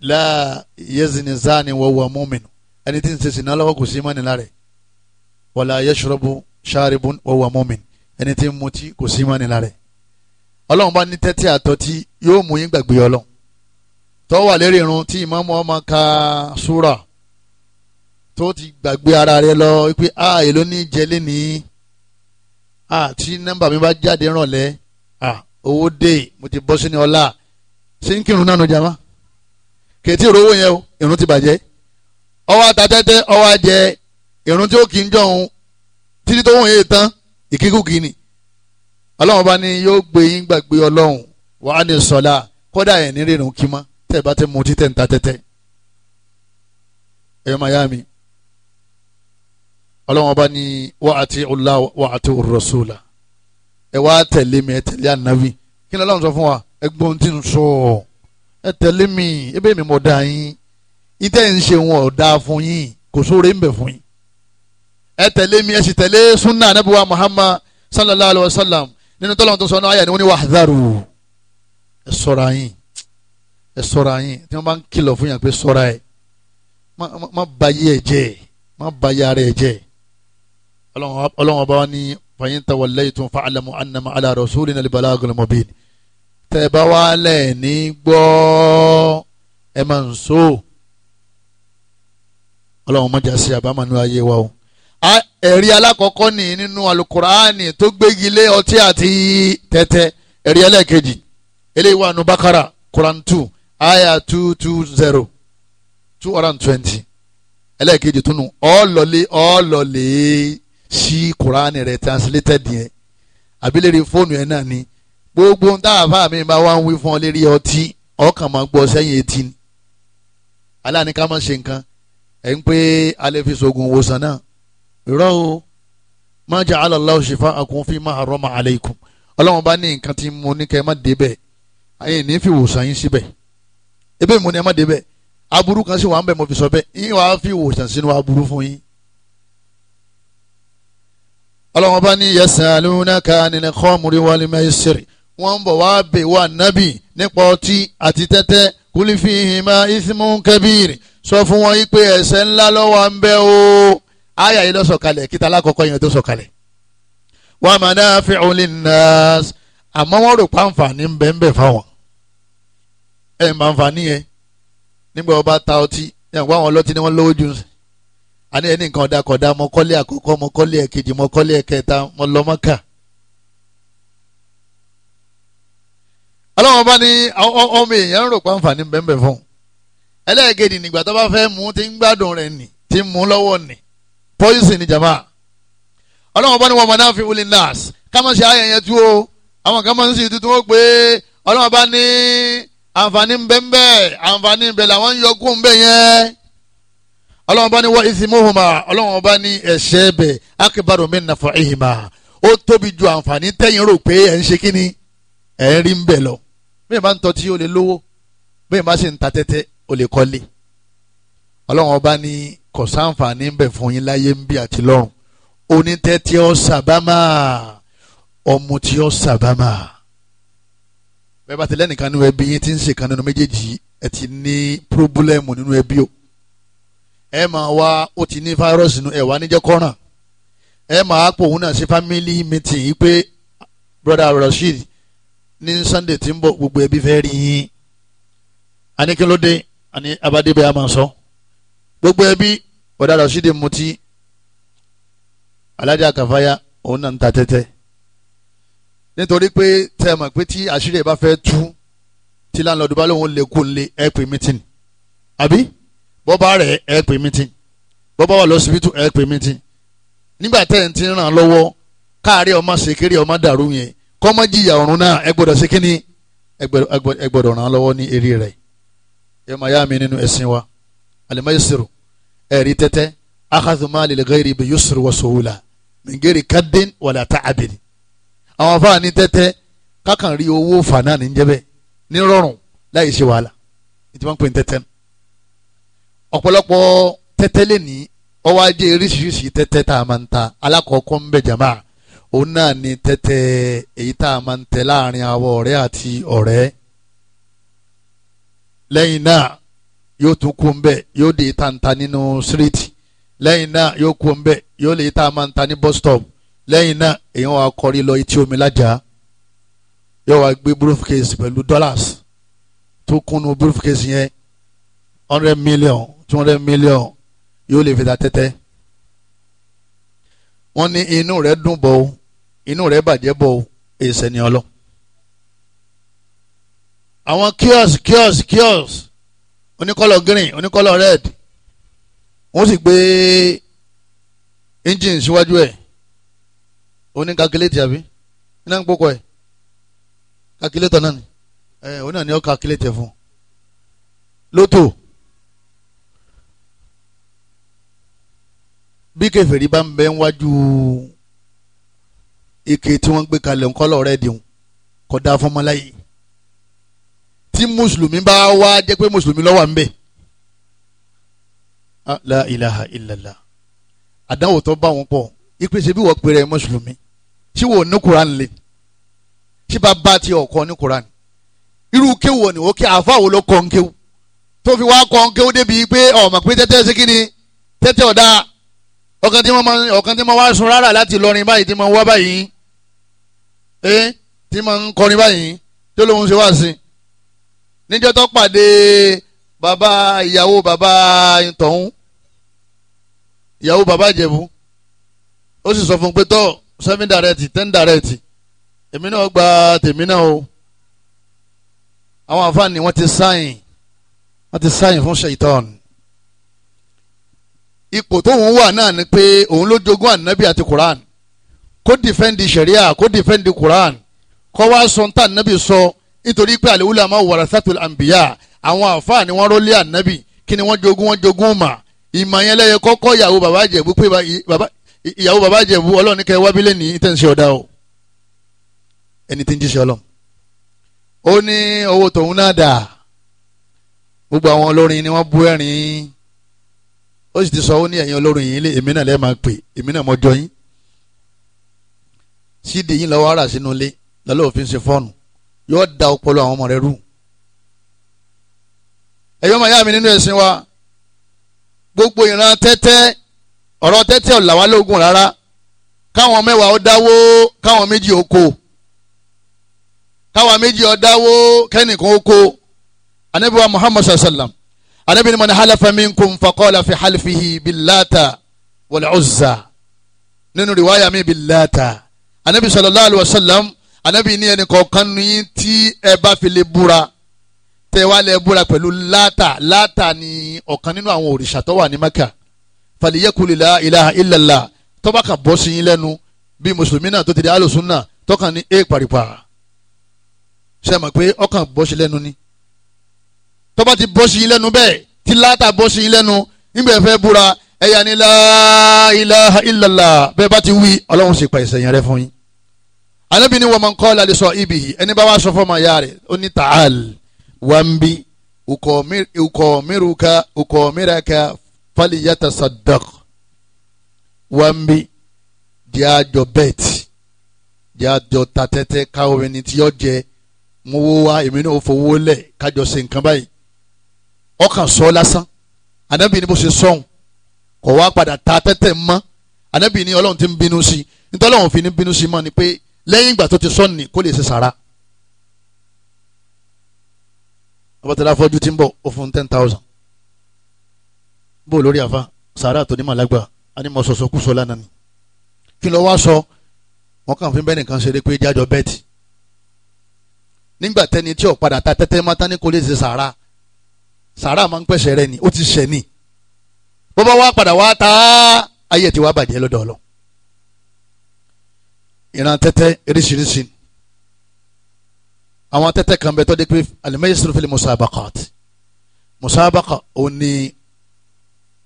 la yezini zani wa wa muminu ẹni tí ń ṣe sinna lọ́wọ́ kò sí mọ́ni lára ẹ̀ wala yashrabu sharibun wa wa mumin ẹni tí ń mutí kò sí mọ́ni lára ẹ̀ ọlọ́run bá ní tẹ́tí àtọ́tí yóò mú yín gbàgbé ọlọ́run tó wà lérí irun tí ìmáàmù ọmọ ka súrà tó ti gbàgbé ara rẹ lọ wípé a èló ní jẹlé ní a tí nọ́mbà mi bá jáde rànlẹ́ a owó dé mo ti bọ́ sínú ọlá ṣé ń kírun náà nu jama. kètì ìrówó yẹn o irun ti bàjẹ́ ọwọ́ atatẹ́tẹ́ ọwọ́ ajẹ irun tí ó kì í jọ̀hún títí tó tán ọlọ́run bá ní yóò gbé yín gbàgbé ọlọ́run ní kódà ẹ̀ ní rírun kí mọ́ bá ti mu títẹ̀ ń ta tẹ́tẹ́ ẹ̀yọ́ mayami ọlọ́run bá ní wà ti ọ̀la a ti rọ̀ṣọ́lá ẹ̀ wá tẹ̀lé mi tẹ̀lé ànábì kí ni ọlọ́run sọ fún wa ẹ̀ tí ẹ tẹ̀lé mi ebe mi mọ̀ dá yín ìtẹ́ ń ṣe wọn ò dáa fún yín kò sóore ń bẹ̀ fún yín ẹ tẹ̀lé mi ẹ sì tẹ̀lé sunna anabiwa muhammad sallallahu alayhi wa sallam nínú tọ́lọ́mù tó sọ náà ayà ni wọ́n ní wahdharu ẹ ṣọ́ra yín ẹ ṣọ́ra yín tí wọ́n bá ń kìlọ̀ fún yàn pé ṣọ́ra ẹ má bayé ẹ jẹ́ má bayé ara ẹ jẹ́ ọlọ́wọ́n ọba wa ní fa in tawallaytum fa'lamu annama ala rasulina al-balagul mubin tẹ́ bá wá lẹ̀ ní gbọ́ ẹ máa ń so ọlọ́run mọ́jà sí àbámanú ayé wa o ẹ̀rí alákọ̀ọ́kọ́ ní nínú alukuraani tó gbégi lé ọtí àti tẹ́tẹ́ ẹ̀rí ẹlẹ́ẹ̀kejì eléyìí wà nù bákàrà quran two aya two two zero two hundred and twenty ẹlẹ́ẹ̀kejì tó nù ọ̀ọ́lọ́lé ọ̀ọ́lọ́lé sí kuraani rẹ̀ translated yẹn àbílẹ̀rẹ̀ fóònù yẹn náà ni gbogbo ń táàfà mi máa wá ń wí fún ọ lérí ọtí ọkàn máa gbọ́ sẹ́yìn etí ni aláàní ká máa ṣe nǹkan ẹ̀ ń pé alẹ́ fi sògùn òwòsàn náà irọ́ o má ja'ala Allahu shifa'akum fima harrama alaykum ọlọ́run bá ní nǹkan tí mo ní kẹ́ ẹ má débẹ̀ ayé ní fi wòsàn yín síbẹ̀ ebe mo ní ẹ má débẹ̀ aburú kan sì wà ń bẹ̀ mo fi sọ bẹ́ẹ̀ yín wàá fi wòsàn sínú aburú fún yín ọlọ́run bá ní yasalunaka anil khamri wal maisiri wọ́n ń bọ̀ wá bè wá nábì nípa ọtí àti tẹ́tẹ́ kúlífìhìmá ismu kabir sọ fún wọn yìí pé ẹ̀ṣẹ̀ ńlá lọ́wọ́ à ń bẹ o àyà yìí lọ sọ̀kalẹ̀ kíta alákọ̀ọ́kọ́ yẹn tó sọ̀kalẹ̀ wa manafi'u linnas àmọ́ wọ́n rò pa àǹfààní ń bẹ fáwọn ẹ̀ mà àǹfààní yẹn nígbà wọ́n bá ta ọtí ẹ̀ wọ́n àwọn ọlọ́tí ni wọ́n lówó jù ń sìn àní ẹni nǹkan ọ̀dà kọ̀dà mọ́kọ́lé àkọ́kọ́ mọ́kọ́lé ẹ̀kejì mọ́kọ́lé ẹ̀kẹta mọ́lọ́mọ́kà ọlọ́wọ́n bá ní ọmọ èèyàn rò pé àǹfààní bẹ́ẹ̀ fún un ẹlẹ́ẹ̀kejì nígbà tó bá fẹ́ mú ti ń gbádùn rẹ̀ nì ti mú lọ́wọ́ nì poison ni jama ọlọ́wọ́n bá ní wọn mọ̀ fi wuli nas kámọ́ sí ayẹyẹ yẹn tú o àwọn kan máa ń sì tuntun ó pé bá ní bẹ́ẹ̀ bẹ́ẹ̀ làwọn ń yọ yẹn bá ní wọ́n bá ní ẹ̀ṣẹ́ bẹ̀ akébàrò bẹ́ẹ̀ bá ń tọ́ tí ó lè lówó bẹ́ẹ̀ bá sì ń ta tẹ́tẹ́ ó lè kọ́lé ọlọ́run ọba ní kò sáǹfààní ń bẹ̀ fún yín láyé ń bí àti lọ́run onítẹ́tí ọ sàbámà ọmọ tí ọ sàbámà bẹ́ẹ̀ bá ti lẹ́nìkan nínú ẹbí yín ti ń ṣèkan nínú méjèèjì ẹ ti ní pírọ́bùlẹ́mù nínú ẹbí o ẹ máa wá ó ti ní fáírọ́ọ̀sì nínú ẹ̀wà níjẹ́ kọ́ràn ẹ máa pòun náà sí fámílì mítìn yìí pé brother Rasheed ní sunday tí ń bọ̀ gbogbo ẹbí fẹ́ rí yín àní kí ló dé àní abadébẹ̀ a máa sọ gbogbo ẹbí bọ̀dá rasidi mutí alájà àkàfáyà òun náà ń ta tẹ́tẹ́ nítorí pé tẹ́ ẹ mọ̀ pé tí àṣírí ẹ̀ bá fẹ́ tú tí láńlọ́ọ̀dù bá lóun lè kó lé ẹ pè mítìn àbí bọ́bá rẹ̀ ẹ pè mítìn bọ́bá wà lọ́sibítù ẹ pè mítìn nígbà tẹ́ ẹ̀ ti ràn lọ́wọ́ káàárẹ̀ ọmọ ṣèkéré ọmọ dàrú yẹn kọ́mọ jìyà ọ̀run náà ẹ gbọ́dọ̀ ṣe kínní ẹ gbọ́dọ̀ ràn án lọ́wọ́ ní eré rẹ̀ ẹ máa yá mi nínú ẹ̀sìn wa alimẹ́sìrò ẹ̀rí tẹ́tẹ́ akadùnmá lilghairi bi yusri wa suhula mingeri kadin wala ta'abin àwọn afáàní tẹ́tẹ́ kákan rí owó fàánà ní jẹ́bẹ̀ ní rọrùn láì ṣe wàhálà ìtì máa ń pè ní tẹ́tẹ́ ọ̀pọ̀lọpọ̀ tẹ́tẹ́ lè ọwọ́ ajé oríṣiríṣi tẹ́tẹ́ tá a máa ń ta alákọ̀ọ́kọ́ ń bẹ̀ jàmáà òun náà ni tẹ́tẹ́ èyí tá a máa ń tẹ láàrin àwọn ọ̀rẹ́ àti ọ̀rẹ́ lẹ́yìn náà yóò tún kó ń bẹ̀ yóò dé tàǹtà nínú síríìtì lẹ́yìn náà yóò kó ń bẹ̀ yóò lè tá a máa ń ta ní bọ́sítọ̀m lẹ́yìn náà èèyàn wa kọrí lọ etí omi lájà yóò wá gbé briefcase pẹ̀lú dollars tó kúnnú briefcase yẹn hundred million two hundred million yóò lè fi ta tẹ́tẹ́ wọ́n ní inú rẹ̀ dùn bọ́ inú rẹ̀ bàjẹ́ bọ̀ èsẹ̀ ni ọlọ́ àwọn kiosk kiosk kiosk oníkọ́lọ̀ green oníkọ́lọ̀ red wọ́n sì gbé engine síwájú ẹ̀ oní calculator àbí iná ń gbókọ ẹ̀ calculator náà ni ẹ̀ oní àná calculator fún lótò bí kẹfẹ́rí bá ń bẹ ń wájú ike tí wọ́n ń gbé kalẹ̀ ńkọ́lọ̀ rẹ̀ dìhun kódà fọmọláyé tí mùsùlùmí bá wá jẹ́ pé mùsùlùmí ló ń bẹ̀ la ilaha illallah àdánwò tó bá wọn pọ̀ ìpèsè bí wọ́n pèrè mùsùlùmí tí wò ní kuran lè tí bá bá ti ọ̀kọ́ ní kuran irú kéwù ni ó kí àáfàá wo ló kọ́ ń kéwù tó fi wá kọ́ ń kéwù débi pé ọ̀mọ̀ pé tẹ́tẹ́ sí kíni tẹ́tẹ́ ọ̀dà ọ̀kan tí wọ́n wá sun rárá láti lọrin báyìí tí wọ́n wá báyìí ẹ tí máa ń kọrin báyìí tó lóun ṣe wá sí níjọ́ tó pàdé bàbá ìyàwó bàbá ìtọ̀hún ìyàwó bàbá ìjẹ̀bú ó sì sọ fún un pé tọ́ seven direct ten direct èmi náà gba tèmi náà o àwọn àfáàní wọ́n ti sáyìn wọ́n ti sáyìn fún ṣèitán ipò tóun wà náà ni pé òun ló jogún ànábì àti Quran kó dìfẹ́ǹdì sẹ̀ríà kó dìfẹ́ǹdì Quran kó wá sọ ń tà nábì sọ nítorí pé àlè wúlò àmọ́ wàràsátùl àǹbíyà àwọn àfáà ni wọ́n rólé ànábì kí ni wọ́n jogún wọ́n jogún mà ìmọ̀ yẹn lẹ́yẹ kọ́kọ́ ìyàwó bàbá àjẹ̀bú pé ìyàwó bàbá àjẹ̀bú ọlọ́ọ̀ni kẹ́ wá bílẹ̀ ní tẹ̀sí ọ̀dà o ẹni tí ń jíṣẹ́ ọlọ́run ó ní owó tòun náà dà gbogbo àwọn olórin ni wọ́n bú ẹ̀rín ó sì ti sọ ó ní ẹ̀yin olórin yìí èmi náà lẹ́ẹ̀ máa pè èmi náà mọ́jọ yín síìdì yìí lọ́wọ́ ara sínú ilé lọ́lọ́ òfin ṣe fọ́ọ̀nù yóò da ọpọlọ àwọn ọmọ rẹ rú. ẹ̀yọ́ màá yá mi nínú ẹ̀sìn wa gbogbo ìran tẹ́tẹ́ ọ̀rọ̀ tẹ́tẹ́ ọ̀là wa lóògùn rárá káwọn mẹ́wàá ó dáwó káwọn méjì ó kó káwọn méjì ó dáwó kẹ́nìkan ó kó anabi wa muhammad sallam anabi ni man halafa minkum faqala fi halfihi billata wal uzza nínú riwaya mi billata anabi sallallahu alayhi wa sallam anabi ní ẹnì kọ̀ọ̀kan ní tí ẹ bá fi lè búra tẹ wá lè búra pẹ̀lú láàtà láàtà ní ọ̀kan nínú àwọn òrìṣà tó wà ní maka faliyekuli ilaha illallah tọ́ba kan bọ́ sí yín lẹ́nu bí mùsùlùmí náà tó ti di alùsùnà tọ́kàn ní e paripa ṣe mọ̀ pé ọkàn bọ́ sí lẹ́nu ni tọ́ba ti bọ́ sí yín lẹ́nu bẹ́ẹ̀ tí láàtà bọ́ sí yín lẹ́nu nígbà fẹ́ búra ẹ̀yà ni la ilaha illallah bẹ́ẹ̀ bá ti wí ọlọ́run sì pa ìsẹ̀yìn rẹ fún yín anabi ni wọ́n máa ń kọ́ lálẹ́ ibi yìí ẹni bá wá sọ fọ́ọ̀mù ayá rẹ̀ ó ní taal wambi ukọ̀ọ̀mìrúka ukọ̀ọ̀mìraka faliyata sadak wambi diajo bet diajo tatẹ́tẹ́ káwọn ẹni tí yọ jẹ wa èmi náà fowó lẹ̀ kájọ ṣe nǹkan báyìí ọkàn sọ lásán anabi ni bó ṣe sọ̀hún kọ̀ wá padà ta tẹ́tẹ́ mọ́ anabi ti ń bínú sí i fi ní bínú sí i ni pé lẹ́yìn ìgbà tó ti sọ ni kó lè ṣe sàrà abatala afọ́jú ti ń bọ̀ ó fún ten thousand bó lórí àfa sara tó ní màlágbà á sọsọ kú sọ lánàá ni kí ló wá sọ wọn kàn fi bẹ́ẹ̀ nìkan ṣeré pé jájọ bẹ́ẹ̀tì nígbà tẹni tí ò ta tẹ́tẹ́ mọ́tá ní kó lè ṣe sàrà sàrà máa ń pẹ̀sẹ̀ rẹ ni ó ti ṣẹ̀ ni bó bá wá padà wá ta ayé ti wá bàjẹ́ lọ́dọ̀ ìran tẹ́tẹ́ eríṣiríṣi àwọn tẹ́tẹ́ kan bẹ tọ́jú pé alimẹ́sìrì fẹ́lẹ́ musabakat musabaka ò ní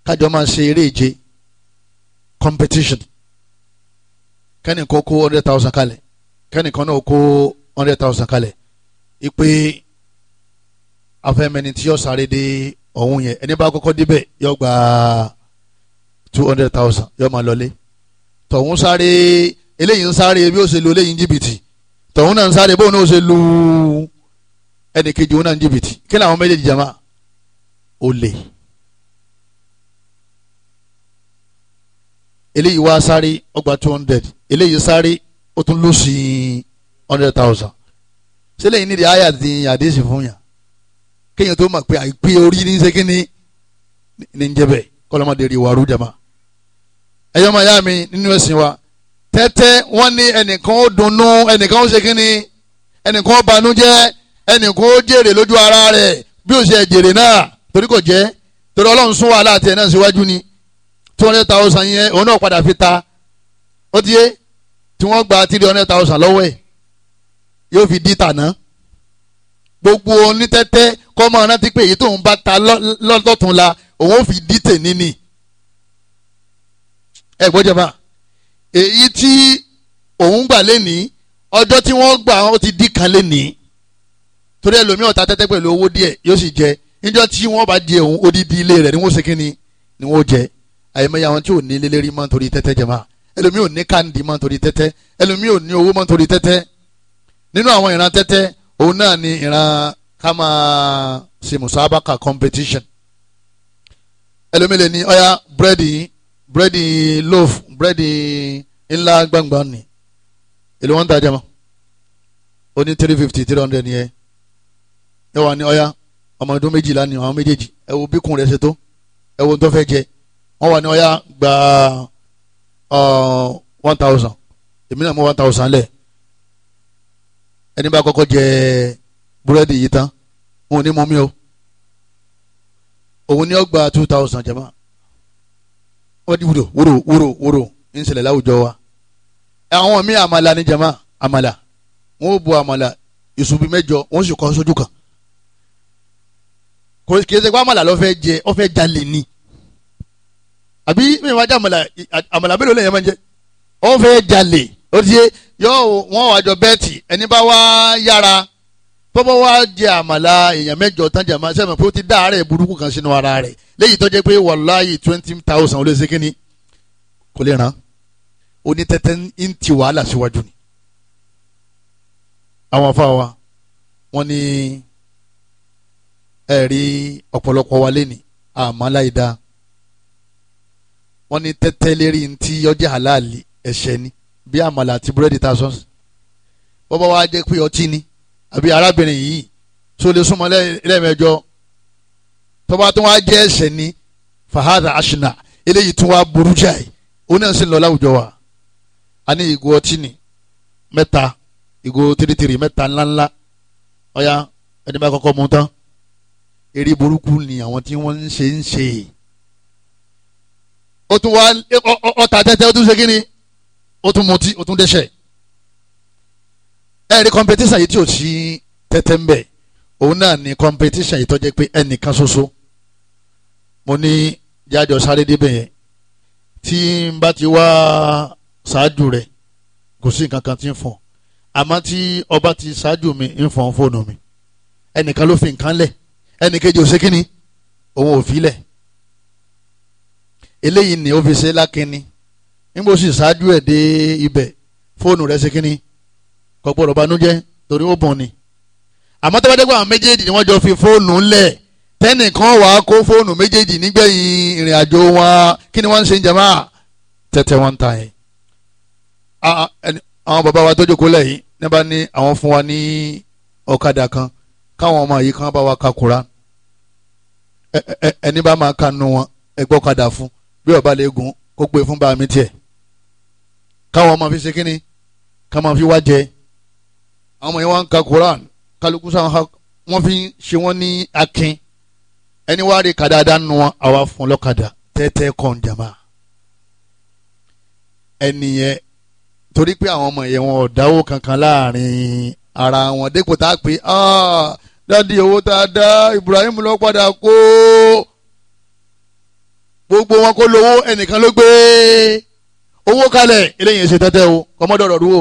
kájọ máa ṣe eré competition kẹ́nì kan one hundred thousand kalẹ̀ kẹ́nì kan náà kó hundred thousand kalẹ̀ ipe afẹ́mẹ́ni tí yọ sáré dé ọ̀hún yẹn ẹni bá kọ́kọ́ débẹ̀ yọ gba two hundred thousand yọ máa lọlé tọ̀hún sáré eléyìí ń sáré bí ó ṣe lu eléyìí ń jìbìtì tọ̀hún náà ń sáré bóun náà ó ṣe lu ẹnìkejì òun náà ń jìbìtì kí làwọn méjèèjì jama olè eléyìí wá sáré ó two hundred eléyìí sáré ó tún lù sí hundred thousand sílẹ̀ yìí nídìí àyà ti àdéhùn fún yàn kéèyàn tó mọ̀ pé àìpé orí ní sẹ́kínní ní ń jẹ́ bẹ́ẹ̀ kọ́lọ́mọdé rí wàrú jama ẹ̀yọ́ máa yá mi nínú ẹ̀sìn wa tẹ́tẹ́ wọ́n ní ẹnìkan ó dunnú ẹnìkan ó ṣe kínní ẹnìkan ó banújẹ́ ẹnìkan ó jèrè lójú ara rẹ̀ bí ó ṣe jèrè náà torí kò jẹ́ torí ọlọ́run sún wàhálà àti ẹ̀ náà síwájú ni two hundred thousand yẹn òun náà padà fi ta ó ti yé tí wọ́n gba three hundred thousand lọ́wọ́ ẹ̀ yóò fi dí tàná gbogbo onítẹ́tẹ́ kọ́ máa rántí pé èyí tóun bá ta lọ́tọ̀tún la òun ó fi dí tèní ni ẹ̀ gbọ́dọ̀ bá èyí tí òun gbà lẹ́nìí ọjọ́ tí wọ́n gbà ó ti dí kan lẹ́nìí torí ẹlòmíì ọ̀tá tẹ́tẹ́ pẹ̀lú owó díẹ̀ yóò sì jẹ níjọ́ tí wọ́n bá jẹ òun odidi ilé rẹ̀ ni wọ́n ṣe kíni ni wọ́n jẹ àyèmọ́yà àwọn tí ò ní lélẹ́rí mọ́ nítorí tẹ́tẹ́ jẹ máa ẹlòmíì ò ní káńdì mọ́ nítorí tẹ́tẹ́ ẹlòmíì ní owó mọ́ nítorí tẹ́tẹ́ nínú àwọn ìran tẹ́tẹ́ òun náà ni ìran ká máa ṣe musabaka competition ẹlòmíì lè ní ọ̀yà búrẹ́dì búrẹ́dì loaf búrẹ́dì ńlá gbangba ni èlò wọn ń tajà mọ́ ó ní three fifty three hundred yẹn ẹ wà ní ọ̀yá ọmọ ọdún méjìlá ni àwọn méjèèjì ẹ wo bíkùn rẹ̀ ṣe tó ẹ wo ń tó fẹ́ jẹ wọ́n wà ní ọ̀yá gba one thousand èmi náà mú one thousand lẹ̀ ẹni bá kọ́kọ́ jẹ búrẹ́dì yìí tán òun ní mọ́mí o òun ní ọgbà two thousand jẹ̀mọ́ wọ́n di wúrò wúrò wúrò wúrò ń ṣẹlẹ̀ láwùjọ wa àwọn míì àmàlà ní jama àmàlà wọn bu àmàlà ìṣubú mẹ́jọ wọn sì kọ́ sójú kan kì í ṣe pé àmàlà ló fẹ́ jẹ ó fẹ́ jalè ni àbí mi wá jẹ àmàlà àmàlà mélòó lẹ́yìn máa ń jẹ ó fẹ́ jalè ó ti yé yóò wọ́n wá jọ bẹ́ẹ̀tì ẹni bá wá yára bọ́bọ́ wá jẹ àmàlà èèyàn mẹ́jọ tán jàmá sẹ́mi pé ó ti dá àárẹ̀ burúkú kan sínú ara rẹ̀ léyìí tó jẹ́ pé wàláyé twenty thousand ó ni kò lè ràn onítẹ́tẹ́ ń ti wàhálà síwájú ni àwọn afa wa wọ́n ní ẹ̀rí ọ̀pọ̀lọpọ̀ wa lé ní àmọ́ láìda wọ́n ní tẹ́tẹ́ lérí ntí yọjẹ́ àláàlì ẹ̀ṣẹ̀ ni bí àmàlà àti búrẹ́dì tá a sọ sí bọ́bá wa jẹ́ pé ọtí ni àbí arábìnrin yìí tó lè súnmọ́ lẹ́ẹ̀mẹjọ tọ́ba tó wá jẹ́ ẹ̀ṣẹ̀ ni fahadà ashina eléyìí tó wá burú jáì oní ẹ̀sìn lọ láwùjọ wa a ní ìgò ọtí ni mẹ́ta ìgò tìrìtìrì mẹ́ta ńláńlá ọ̀ya ẹni bá kọ́kọ́ mu tán eré burúkú ni àwọn tí wọ́n ń ṣe ń ṣe ó tún wá ọ̀tà tẹ́tẹ́ ó tún ṣe kí ni ó tún mutí ó tún dẹ́ṣẹ̀ ẹ̀rí kọ́mpẹ́tíṣà yìí tí ò sí tẹ́tẹ́ ń bẹ̀ òun náà ni kọ́mpẹ́tíṣà yìí tó pé ẹnìkan ṣoṣo mo ní jájọ sáré débẹ̀ yẹn tí n bá ti wá ṣáájú rẹ̀ kò sí nǹkan kan tí ń fọn àmọ́ tí ọba ti ṣáájú mi ń fọn fóònù mi ẹnìkan ló fi nǹkan lẹ̀ ẹnìkejì ò ṣe kínni òun ò fi lẹ̀ eléyìí ni ó fi ṣe lákínni nígbà sì ṣáájú ẹ̀ dé ibẹ̀ fóònù rẹ̀ ṣe kínni kò gbọ́dọ̀ banújẹ́ torí ó bùn ni àmọ́ tó bá dé àwọn méjèèjì ni wọ́n jọ fi fóònù lẹ̀ tẹ́nìkan wàá kó fóònù méjèèjì nígbẹ̀yìn ìrìn àjò wọn kí ni wọ́n ń ṣe ń jẹ̀mọ́ tẹ́tẹ́ wọn ń ta yẹn. àwọn bàbá wa tó jókòó lẹ́yìn ní bá ní àwọn fún wa ní ọ̀kadà kan káwọn ọmọ yìí kan bá wa ka Kùránì ẹni bá máa kanu wọn ẹgbẹ́ ọ̀kadà fún bí ó bá lè gùn kó gbé fún bàmí tiẹ̀ káwọn ọmọ fi ṣe kínni káwọn fi wá jẹ àwọn ọmọ yẹn wá ń ka kálukú sáwọn wọn fi ṣe wọn ní akin ẹni wá rí kàdáadá nu wọn àwa fún lọ́kadà tẹ́tẹ́ kàn jàmá ẹni yẹn torí pé àwọn ọmọ yẹn wọn ò dáwó kankan láàrin ara wọn dépò tá a pè ah, dáàdi owó tá a dá Ibrahim lọ padà kó gbogbo wọn kó lówó ẹnìkan ló gbé owó kalẹ̀ eléyìí ṣe tẹ́tẹ́ o kọ́mọ́dọ̀rọ̀ dúró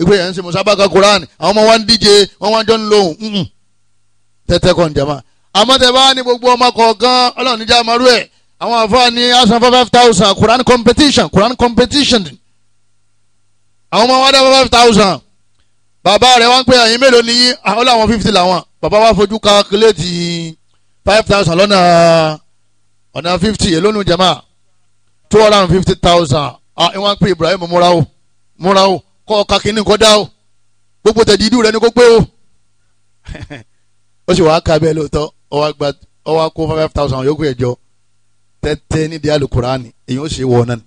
ìgbé yẹn ń ṣe musabaka Quran àwọn ọmọ wa ń díje wọn wá jọ ń lóhùn tẹ́tẹ́ kàn jàmá àmọ́ tẹ bá ní gbogbo ọmọ kọ̀ọ̀kan ọlọ́run níjà marú ẹ̀ àwọn àfáà ní asan five thousand Quran competition Quran competition àwọn ọmọ wa dá five thousand bàbá rẹ̀ wá ń pè àyín mélòó ní àwọn làwọn fifty làwọn bàbá wa fojú calculate five thousand lọ́nà ọ̀nà fifty èlónú jama two hundred and fifty thousand ah ìwọ̀n pé Ibrahim múra o múra o kọ́ ọ̀ka kínní kọ́ dá o gbogbo tẹ̀dídú rẹ ni kó gbé o ó sì wàá ka bẹ́ẹ̀ lóòótọ́ ó wá kó five thousand yòókù ẹ̀jọ tẹ́tẹ́ nídìí alukuraani èyí ó ṣe wọ̀ náà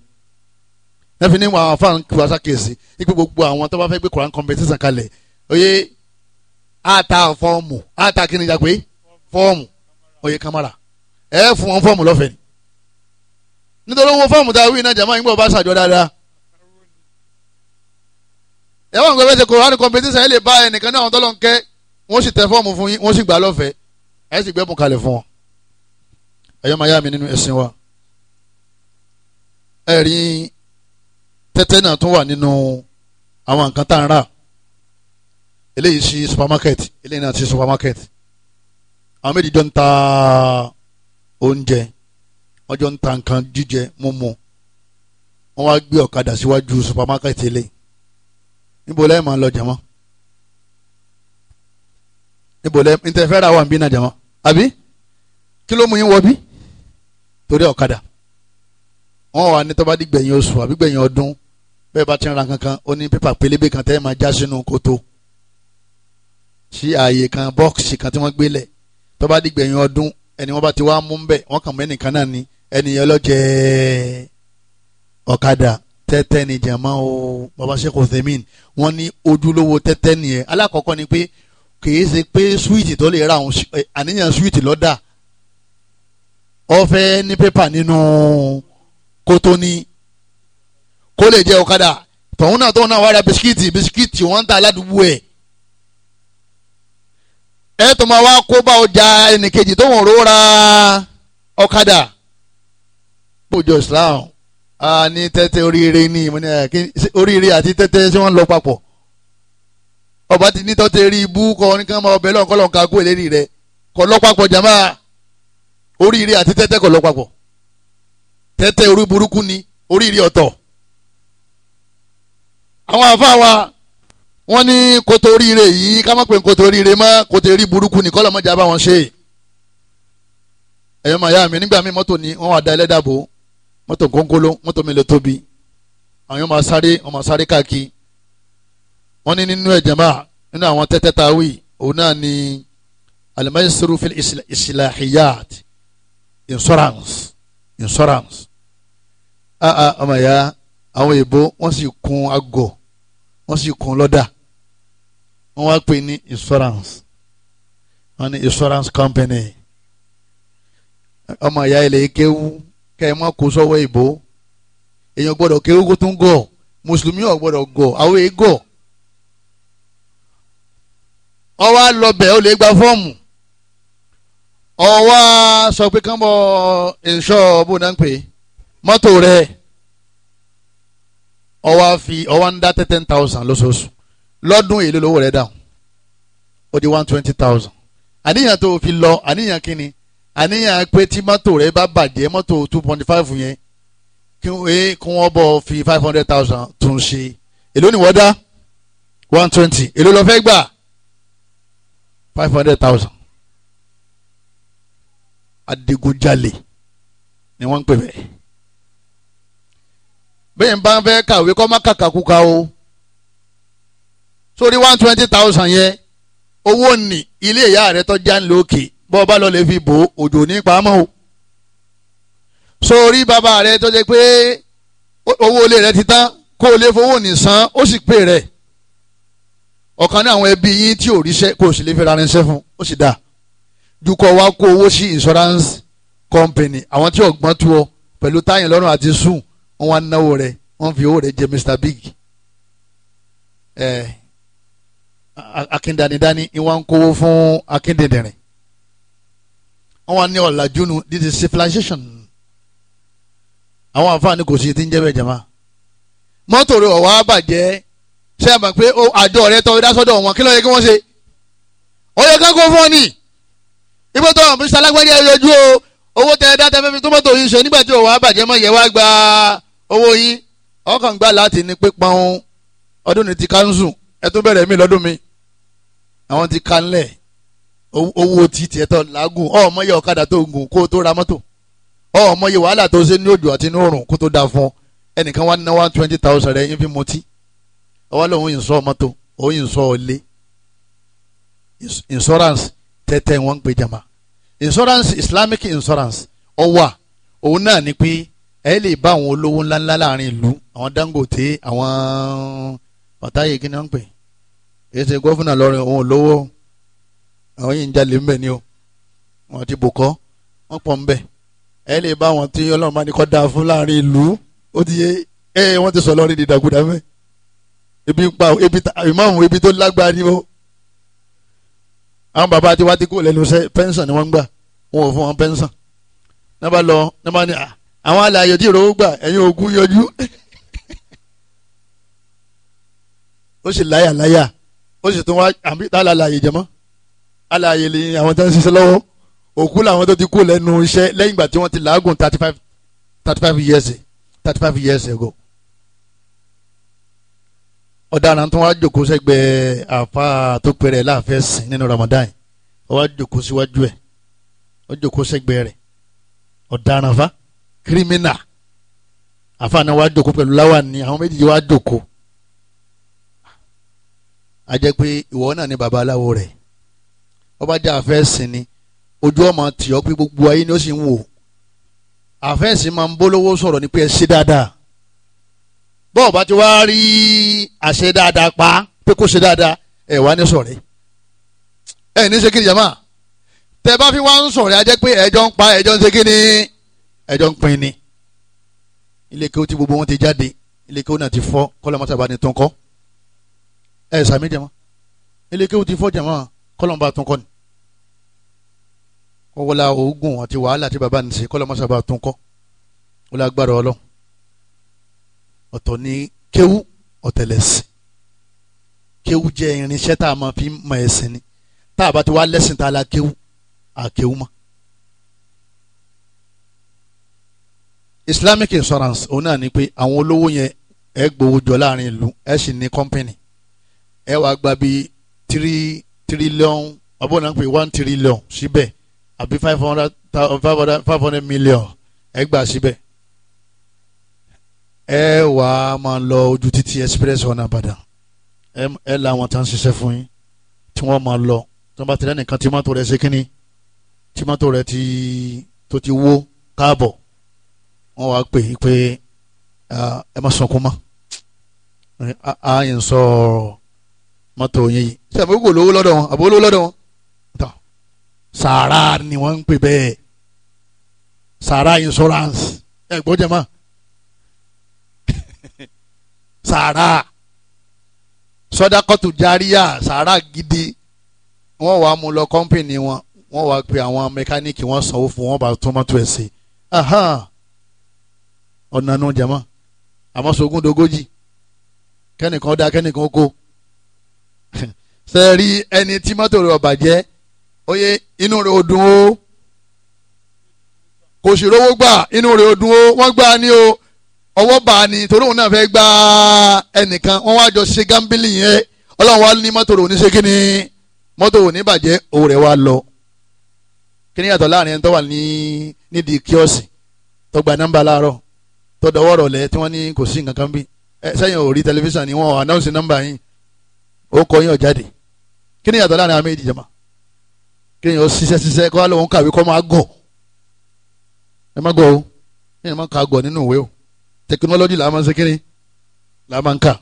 nẹ́fì ní àwọn afáàn kí wàá ṣàkíyèsí ipò gbogbo àwọn tó bá fẹ́ gbé koran competition kalẹ̀ oyè ata fọ́ọ̀mù ata kí ni ìjà pé fọ́ọ̀mù oyè kamara ẹ fún wọn fọ́ọ̀mù lọ́fẹ̀ẹ́ ni nítorí wọn fọ́ọ̀mù tá a wí iná jàmáà ìgbà ọba ṣàjọ dáadáa ẹ wọ́n gbé bẹ́sẹ̀ koran competition ẹ lè bá ẹnìkan náà àwọn tọ́lọ́ wọ́n sì tẹ fọ́ọ̀mù fún yín wọ́n sì gbà lọ́fẹ̀ẹ́ ẹ sì gbẹ́bùn kalẹ̀ fún ọ ẹ̀yọ́ máa yá mi nínú ẹ̀sìn wa ẹ̀rí tẹ́tẹ́ náà tún wà nínú àwọn nǹkan tá à ń rà eléyìí sí supermarket eléyìí náà sí supermarket àwọn méjì jọ ń ta oúnjẹ wọ́n jọ ń ta nǹkan jíjẹ mímu wọ́n wá gbé ọ̀kadà síwájú supermarket eléyìí níbo lẹ́yìn máa ń lọ jẹ̀mọ́ níbo lẹ ntẹ fẹ́ ra wà ń bí náà jàmọ́ àbí kí ló mú yín wọ bí torí ọ̀kadà wọn wà ní tọ́ba dìgbẹ̀yìn oṣù àbí gbẹ̀yìn ọdún bẹ́ẹ̀ bá ti ń ra kankan ó ní pépà pélébé kan tẹ́ ẹ máa já sínú kòtò sí ààyè kan bọ́ọ̀sì kan tí wọ́n gbé lẹ̀ tọ́ba ọdún ẹni wọ́n bá ti wá mú bẹ̀ wọ́n kàn mẹ́nìkan náà ni ẹni ọlọ́jẹ́ ọ̀kadà tẹ́tẹ́ ni jẹ̀mọ́ o baba sheikh othemin ní ojúlówó tẹ́tẹ́ nìyẹn alákọ̀ọ́kọ́ ni pé kìí ṣe pé súwìtì tó lè ra àwọn àníyàn súwìtì lọ́dà ọ̀fẹ́ ní pépà nínú kótó ní kó lè jẹ́ ọ̀kadà tọ̀hún náà tọ̀hún náà wá ra bisikíìtì bisikíìtì wọ́n ń ta aládùúgbò ẹ̀ ẹ tó máa wá kó bá ọjà ẹnìkejì tó wọ́n ró ọ̀kadà bójú Islam a ní tẹ́tẹ́ oríire ní ìmọ̀ ní oríire àti tẹ́tẹ́ tí wọ́n lọ papọ̀ ọba ti nítọ́ ti rí ibú kọ oníkan máa ọbẹ̀ lọ́nkọ́ lọ́nka kó ìlérí rẹ kọ lọ́pàpọ̀ jàmbá oríire àti tẹ́tẹ́ kọ lọ́pàpọ̀ tẹ́tẹ́ orí burúkú ni oríire ọ̀tọ̀ àwọn àfa wa wọ́n ní kótó oríire yìí ká má pè kótó oríire mọ́ kótó eré burúkú ni kọ́lọ́ mọ́jà bá wọn ṣe ẹ̀yọ́ màyá mi nígbà míì mọ́tò ni wọ́n wà da ẹlẹ́dàbò mọ́tò kónkóló mọ́tò mi lè tóbi àwọn yóò máa sáré máa sáré káàkiri wọ́n ní nínú ẹ̀ jẹ́mà nínú àwọn tẹ́tẹ́ tá a wí òun náà ni alimaisiru fil islahiyat insurance insurance aa ọmọ ya àwọn èèbó wọ́n sì kun agọ̀ wọ́n sì kun lọ́dà wọ́n wá pè ní insurance wọ́n ní insurance company ọmọ ìyá ilẹ̀ yìí kéwú kẹ́ ẹ má kó sọ́wọ́ ìbò èèyàn gbọ́dọ̀ kéwú kó tún gọ̀ mùsùlùmí ò gbọ́dọ̀ gọ̀ àwọn èèyàn gọ̀ ọ wá lọbẹ̀ ó lè gba fọ́ọ̀mù ọ wá sọ pé kán bọ ìṣọ́ bó náà ń pè mọ́tò rẹ̀ ọ wá fi ọ ń dá ten thousand lóṣooṣù lọ́dún èlé lówó rẹ̀ dáhùn ó di one twenty thousand àníyàn tó fi lọ àníyàn kínni àníyàn pé tí mọ́tò rẹ̀ bá bàjẹ́ mọ́tò two point five yẹn kí wọ́n eh, bọ̀ fi five hundred thousand tún ṣe èló ni wọ́n dá one twenty èló lọ fẹ́ gbà five hundred thousand adigunjalè ni wọ́n ń pè bẹ́ẹ̀ bẹ́ẹ̀ n bá ń fẹ́ kàwé kọ́ má kàkàkùkà o sórí one twenty thousand yẹn owó ní ilé ìyá rẹ tọ́jà ń lò òkè bọ́ ọba lọ lè fi bò òjò ní pamọ́ o sórí bàbá rẹ tó jẹ́ pé owó ilé rẹ ti tán kó o lè fowó nìsan ó sì pè rẹ̀ ọ̀kan ní àwọn ẹbí yín tí ò ríṣẹ́ kò sì lè fẹ́ ra irinṣẹ́ fún ó sì dáa ju wá kó owó sí insurance company àwọn tí ọ̀gbọ́n tu ọ pẹ̀lú táyìn lọ́rùn àti sùn wọ́n wá náwó rẹ̀ wọ́n fi owó rẹ̀ jẹ Mr Big ẹ̀ akíndanidani ni wọ́n ń kówó fún akíndìndìrín wọ́n wá ní ọ̀làjú nu this is civilization àwọn àǹfààní kò sí ti ń jẹ́ bẹ́ẹ̀ jẹ́ máa mọ́tò rẹ̀ ọ̀wá bàjẹ́ ṣé ẹ mọ̀ pé àjọ rẹ tọ́ ìdásọ́dọ̀ wọn kí ló yẹ kí wọ́n ṣe ó yẹ kán kó fún ọ ní ibo tó ọ̀hún mr alágbẹ́rẹ́ ẹ yọjú o owó tẹ ẹ dá tẹ fẹ́ fi tọ́mọ́tò yín ṣe nígbà tí òun àbàjẹ́ mọ́ yẹ wá gba owó yín ọkàn gbà láti ní pípọ́n ọdún ní ti kánṣu ẹ tún bẹ̀rẹ̀ mí lọ́dún mi àwọn ti kanlẹ̀ owó ti tiẹ̀ tọ́ làágùn ọ̀ mọ́yẹ ọ̀kadà tó gùn kó tó ra mọ́tò ọ̀ mọ́yẹ wàhálà tó ṣe ní òjò àti ní òrùn kó tó da fún ẹnìkan wá ná one twenty thousand rẹ̀ yín fi mutí ọwọ́ lòun ìsọ mọ́tò òun ìsọ ilé insurance tẹ́tẹ́ wọn ń pè jama insurance islamic insurance ọwà òun náà ni pé ẹ lè bá àwọn olówó ńláńlá láàrin ìlú àwọn Dangote àwọn pàtàkì kí ni wọ́n ń pè èsì gọ́fúnà lọ́rin òun olówó àwọn yìí ń jalè ńbẹ ni o wọn ti bò kọ́ wọ́n pọ̀ ńbẹ ẹ lè bá àwọn tí ọlọ́run bá ní kọ́ da fún láàrin ìlú ó ti yé ẹ wọ́n ti sọ lọ́rin dídàgúdà mẹ́ẹ̀ ebi ń pa ebi ta ìmáàmù ebi to lágbára ni ó àwọn bàbá tiwa ti kó lẹ́nu iṣẹ́ pẹ́ńsàn ni wọ́n ń gbà wọn ò fún wọn pẹ́ńsàn náà bá lọ náà bá ní ah, àwọn alàyè tí ìrọ̀wọ́ gbà ẹ̀yin ogún yọjú ó sì láyà láyà ó sì tún wá àbí tá alàyè jẹmọ́ lè àwọn tó ń ṣiṣẹ́ lọ́wọ́ òkú làwọn tó ti kó lẹ́nu iṣẹ́ lẹ́yìn ìgbà tí wọ́n ti làágùn thirty five thirty five years thirty five years ago ọ̀daràn tó wá jòkó sẹ́gbẹ̀ẹ́ àfa tó pẹ̀rẹ̀ láàfẹ́ sìn nínú Ramadan ó wá jòkó síwájú ẹ̀ ó jòkó sẹ́gbẹ̀ẹ́ rẹ̀ ọ̀daràn fa kírímínà àfa náà wá jòkó pẹ̀lú láwà ní àwọn méjì wá jòkó a jẹ́ pé ìwọ náà ni babaláwo rẹ̀ ọba jẹ́ àfẹ́ sìn ni ojú ọmọ tì pé gbogbo ayé ni ó sì ń wò àfẹ́ sìn máa ń bólówó sọ̀rọ̀ ni pé ẹ ṣe dáadáa bọ́ọ̀ bá ti wá rí àṣẹ dáadáa pa pé kó ṣe dáadáa ẹ̀ wá ní sọ̀rẹ́ ẹ̀ ní ṣe kí jama tẹ bá fi wá ń sọ̀rẹ́ ajẹ́ pé ẹjọ́ ń pa ẹjọ́ ń ṣe kí ni ẹjọ́ ń pin ni ilé kí ó ti gbogbo wọn ti jáde ilé kí ó náà ti fọ́ kọ́lọ́mọ́sá bá ní tún kọ́ ẹ̀ sàmì jama ilé kí ó ti fọ́ jama kọ́lọ́mọ́sá tún kọ́ ni wọ́n wọlé oògùn àti wàhálà tí baba ń ṣe kọ́lọ́mọ́sá bá tún kọ́ wọ́n ọ̀tọ̀ ni kéwú ọ̀tẹ̀lẹ̀sìn kéwú jẹ́ irinṣẹ́ tá a máa fi mọ ẹ̀sìn ni tá a bá ti wá lẹ́sìn tá a la kéwú a kéwú mọ́. Islamic insurance òun náà ni pé àwọn olówó yẹn ẹ gbowó jọ láàrin ìlú ẹ sì ní company ẹ wàá gba bíi three trillion abọ́ náà ń pè one trillion síbẹ̀ àbí five hundred five hundred million ẹ gbà síbẹ̀ ẹ wà á máa lọ ojú títí express ọ̀nà àbàdàn ẹ làwọn tá à ń ṣiṣẹ́ fún yín tí wọ́n máa lọ tí wọ́n bá tẹ̀lé nìkan tìmọ́tò rẹ̀ ṣe kínní tìmọ́tò rẹ̀ ti tó ti wó káàbọ̀ wọ́n wá pè é pé ẹ má sọkún mọ́ a yẹn sọ mọ́tò yẹn yìí ṣé àbúrò kò lówó lọ́dọ̀ wọn àbúrò lówó lọ́dọ̀ wọn tán sàárà ni wọ́n ń pè bẹ́ẹ̀ sàárà insurance ẹ̀ gbọ́dọ̀ máa sàárà sọdakọtù járíyà sàárà gidi wọ́n wàá mú lọ kọ́ńpìnì wọn wọ́n wàá pe àwọn mẹkáníìkì wọ́n sanwó fún wọn bá tọmọtò ẹ̀ sí ọ̀nà nu jama àmọ́ sogún dogoji kẹ́nìkan dá kẹ́nìkan kó ṣe rí ẹni tí mọ́tò rẹ̀ ọ̀bàjẹ́ oyè inú rẹ̀ ò dùn o kò sì rówó gbà inú rẹ̀ ò dùn o wọ́n gbà ní o ọwọ́ bá a ni torí òun náà fẹ́ gba ẹnìkan wọ́n wá jọ ṣe gámbílì yẹn ọlọ́run wa ní mọ́tò òní ṣe kíni mọ́tò òní bàjẹ́ òwò rẹ̀ wá lọ kíni yàtọ̀ láàrin ẹni tó wà ní nídìí kíọ́sì tó gba nọ́mbà láàárọ̀ tó dọwọ́ rọ̀lẹ́ tí wọ́n ní kò sí nǹkan kan bí sẹ́yìn ò rí tẹlifíṣàn ni wọ́n anáwùsì nọ́mbà yín ó kọ yín ọ̀jáde kíni yàtọ̀ láàrin àmì ìdìjàmà kíni ó ṣiṣẹ́ ṣiṣẹ́ kó wá lóun kàwé kó máa gọ̀ ẹ má gọ̀ o ẹ má kà gọ̀ nínú ìwé o tẹkinọlọ́jì làá máa ń ṣe kínní làá máa ń kà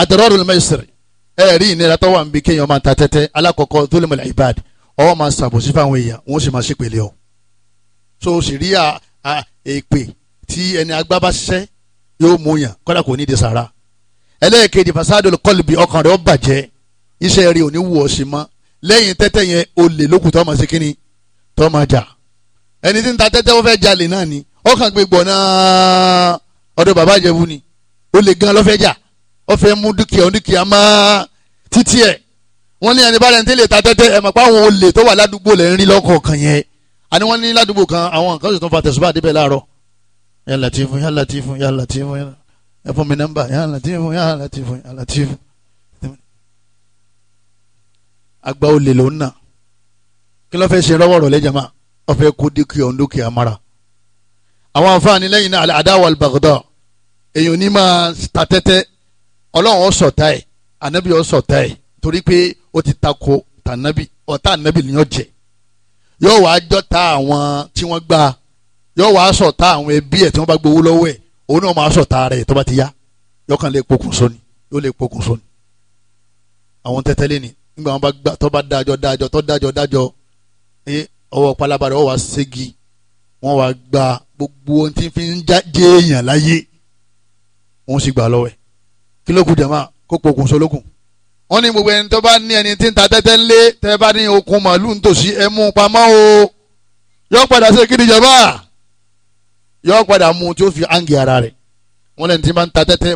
àdàrọ́rù lè máa ṣẹ̀rẹ̀ ẹ rí ìnira tó wà ń bi kéèyàn bosi ta tẹ́tẹ́ alákọ̀ọ́kọ́ tó lè mọ̀lẹ́ ibad ọwọ́ máa so sì a èpè tí ẹni agbá bá ṣiṣẹ́ yóò mú yàn kọ́dà kò ní di sàrà ẹlẹ́ẹ̀kejì fasádò kọ́lùbì ọkàn rẹ̀ ó bàjẹ́ iṣẹ́ rẹ̀ ò ní wù ọ́ sí mọ́ lẹ́yìn tẹ́tẹ́ yẹn olè lókùtọ́ máa ṣe kínní tọ́ ẹni tí ń ta tẹ́tẹ́ wọ́n fẹ́ jalè náà ni ọkàn gbé gbọ̀nà ọ̀dọ̀ bàbá ìjẹ̀bù ni ó lè gan lọ́fẹ́ jà ọ̀fẹ́ mú dúkìá dúkìá má títí ẹ̀ wọ́n ní anibára ẹni tí lè ta tẹ́tẹ́ ẹ̀ mọ̀ pé àwọn olè tó wà ládùúgbò lẹ́ ń rí lọ́kọ̀ọ̀kan yẹn àní wọ́n ní ládùúgbò kan àwọn nǹkan sì tún fa tẹ̀sùbá àdébẹ̀ láàárọ̀ yà Latifu yà Latifu yà Latifu ẹ fún mi nọ́mbà yà Latifu yà Latifu yà Latifu. àgbà olè lòun náà kí ló fẹ́ ṣe rọ́wọ́rọ́ lẹ́jàmá ọ̀fẹ́ kó dúkìá dúkìá mara àwọn àǹfààní lẹ́yìn náà àdáwọ̀ àlùbàgọ́dọ̀ èèyàn ní máa ta tẹ́tẹ́ ọlọ́run ọ̀sọ̀ ta ẹ̀ ànábì ọ̀sọ̀ ta ẹ̀ torí pé ó ti tako tànábì ọ̀tá ànábì ni yóò jẹ yóò wá jọ́ta àwọn tí wọ́n gbà yóò wá sọ̀tá àwọn ẹbí ẹ̀ tí wọ́n bá gbowó lọ́wọ́ ẹ̀ òun náà máa sọ̀tá rẹ̀ tó bá ti yá yọkàn lè pokùnso ni yóò lè pokùnso ni àwọn tẹ́tẹ́lé ni nígbà wọn bá tó bá dájọ́ dájọ́ tó dájọ́ dájọ́ ọwọ́ pálábàrẹ̀ ọwọ́ wa ségi wọ́n wá gba gbogbo ohun tí fi ń jẹ́ èèyàn láyé wọ́n sì gbà lọ́wọ́ ẹ̀ kí ló kù jẹ́ máa kó pokùn solókùn. wọ́n ní gbogbo ẹni tó bá ní ẹni tí ń ta tẹ́tẹ́ ńlé tẹ́ bá ní okun màálù nítòsí ẹ mú un pamọ́ o yọ padà sí kí ni jọba yọ padà mú un tí ó fi áǹgì ara rẹ̀ wọ́n lẹ́ni tí máa ń ta tẹ́tẹ́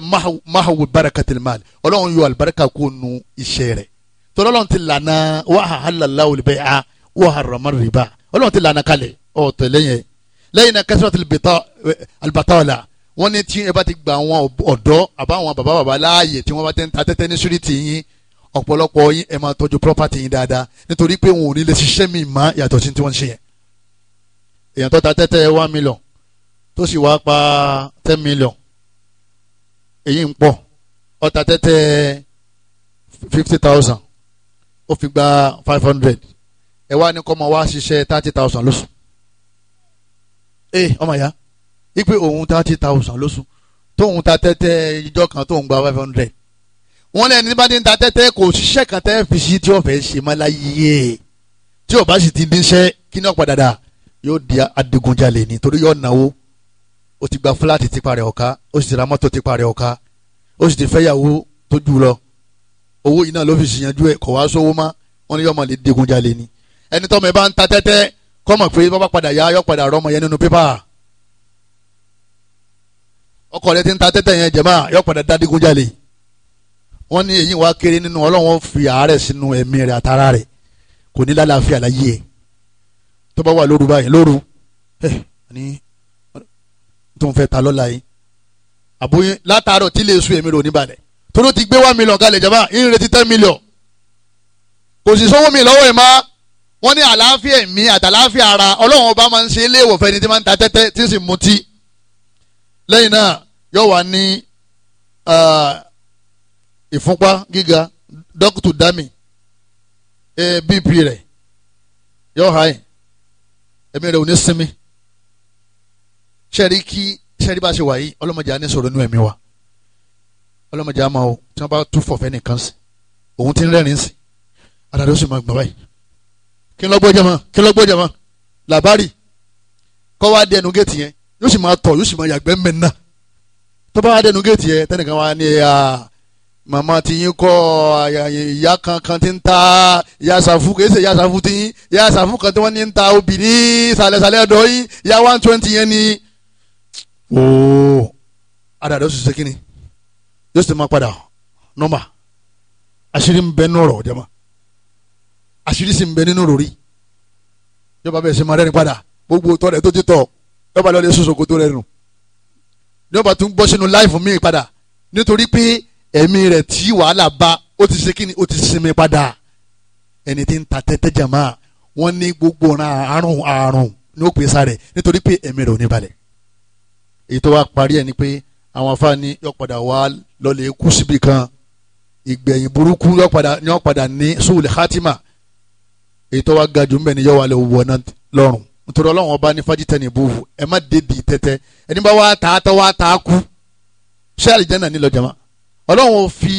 máhàwù barakatil mal ọlọ́run yọ àlùbáríkà kó nu iṣẹ́ rẹ̀ tọ́lọ́run ti lànà wàhálà láwùlẹ̀ lẹ́yìn náà kẹsìrọ̀tì albatala wọ́n ní tí ẹ bá ti gba àwọn ọ̀dọ́ àbáwọn bàbá bàbá láàyè tí wọ́n bá ti ń ta tẹ́tẹ́ ní súrìtì yín ọ̀pọ̀lọpọ̀ yín ẹ máa tọ́jú property yín dáadáa nítorí pé wọn ò ní lè ṣiṣẹ́ mi mọ́ yàtọ̀ sí tí wọ́n ṣe yẹn. èèyàn tó ta tẹ́tẹ́ one million tó sì wá pa ten million èyí ń pọ̀ ó ta tẹ́tẹ́ fifty thousand ó fi gba five hundred ẹ wá ní kọ́mọ wá ṣiṣẹ́ thirty thousand lóṣù ee ọmọ ya ipe òun thirty thousand lóṣù tóun ta tẹ́tẹ́ ìjọ kan tóun gba five hundred wọ́n lẹ́ni bá ti ń ta tẹ́tẹ́ kò ṣiṣẹ́ kan tẹ́ fi sí tí ó fẹ́ ṣe má láyé tí ó bá sì ti níṣẹ́ kí ní ọ̀pá dáadáa yóò di adigunjalè ni torí yóò náwó ó ti gba fúláàtì tipa rẹ̀ ọ̀ka ó sì ti ra mọ́tò tipa rẹ̀ ọ̀ka ó sì ti fẹ́yàwó tó jù lọ owó iná ló fi ṣìyànjú ẹ̀ kọ̀ wá sówó má wọ́n ní yóò máa lè digunjalè ni ẹni tọ́mọ ẹ bá ń ta tẹ́tẹ́ kọ́mọ̀ pé bàbá padà yá yọ padà rọmọ yẹn nínú pépà ọkọ rẹ ti ń ta tẹ́tẹ́ yẹn jẹ̀má yọ padà dadigunjalè wọ́n ní èyí wá kéré nínú ọlọ́wọ́n fi àárẹ̀ sínú ẹ̀mí rẹ̀ àtàrà rẹ̀ kò ní lálàáfíà láyé ẹ̀ tó bá wà lóru báyìí lóru ẹ̀ ní tó ń fẹ́ ta lọ́la yìí àbúyín látàárọ̀ tí lè sun èmi rò níbalẹ̀ tó ló ti gbé one million kalẹ̀ jẹ̀má ìrìn retí ten million kò sì sówó mi lọ́wọ́ ẹ̀ máa wọ́n ní àlàáfíà ẹ̀mí àtàlàáfíà ara ọlọ́run ọba máa ń ṣe ilé ìwòfẹ́ ni tí máa ń ta tẹ́tẹ́ tí sì mutí lẹ́yìn náà yóò wá ní ìfúnpá gíga dókítù dami bp rẹ̀ yóò hàn ẹ̀mí rẹ̀ ò ní sinmi ṣẹ́ẹ̀rí kí ṣẹ́ẹ̀rí bá ṣe wà yìí ọlọ́mọdé á ní sọ̀rọ̀ inú ẹ̀mí wa ọlọ́mọdé á máa o tí wọ́n bá tún fọ̀fẹ́ nìkan sí òun ti ń rẹ́rìn sí àdàdo sì máa gbọ́ báyìí kí lọ́gbọ́ jẹ́ mọ́ kí lọ́gbọ́ jẹ́ mọ́ làbárì kọ́ wá dẹnu géètì yẹn yóò sì máa tọ̀ yóò sì máa yàgbẹ́ mẹ́rin náà tó bá wá dẹnu géètì yẹn tẹ́nìkan wá ní ẹ̀yà màmá ti yín kọ́ ìyá kankan ti ń ta ìyá sàfù kìí ṣe ìyá sàfù ti yín ìyá sàfù kan tí wọ́n ní ń ta obì ní ọ̀dọ́ yín ìyá one twenty yẹn ni ooo adàdé ó sì ni yóò sì máa padà nọ́mà àṣírí ń bẹ nọ́ọ̀rọ̀ jẹ́ máa àṣírí sì ń bẹ nínú ròrí yọba bẹ́ẹ̀ ṣe máa rẹ́ni padà gbogbo tọ́ rẹ̀ tó ti tọ̀ yọba lọ́ọ́ lè soso kó tó rẹ̀ nù yọba tún bọ́ sínú láìfù míì padà nítorí pé ẹ̀mí rẹ̀ tí wàhálà bá ó ti ṣe kíni ó ti sinmi padà ẹni tí ń ta tẹ́tẹ́ jàmá wọ́n ní gbogbo ọ̀ràn àrùn àrùn ní ó pèsè rẹ̀ nítorí pé ẹ̀mí rẹ̀ ò ní balẹ̀ èyí tó wá parí ẹ̀ ni pé àwọn afáàní yọ padà wá lọ́ọ́ lè kú síbi kan ìgbẹ̀yìn burúkú yọ padà ní sùúlù hátímà èyí wa wá ga jù mbẹ́ni yọ wà lè wọ̀ náà lọ́rùn nítorí ọlọ́run ọba ní fájítẹ́ ní ìbúhu ẹ má débi tẹ́tẹ́ ẹni bá wá ta tọ́ wá ta kú ṣé àlìjánà nílò jama ọlọ́run fi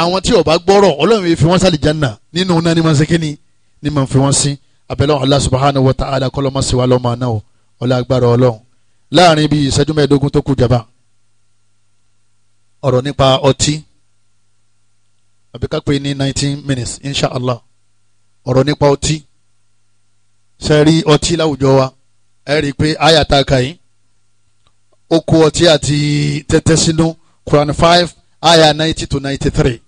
àwọn tí ó bá gbọ́rọ̀ fi wọ́n sàlìjánà nínú náà ní mọ̀nsẹ́kẹ́ ni ní mọ̀ fi wọ́n sí abẹ́lẹ́ Allah subhanahu wa ta'ala kọ́lọ́mọ́síwá lọ́mọ náà ọlọ́ agbára ọlọ́run láàrin bíi ìṣẹ́jú mẹ́ẹ̀ẹ́dógún tó kù jaba ọ̀rọ̀ nípa ọtí àbíkápẹ́ ní nineteen minutes insha ọ̀rọ̀ nípa ọtí sẹ́rí ọtí láwùjọ wa ẹ rí i pé àyàtà kàyí ó kó ọtí àti tẹ́tẹ́ sínú Quran five aya ninety to ninety three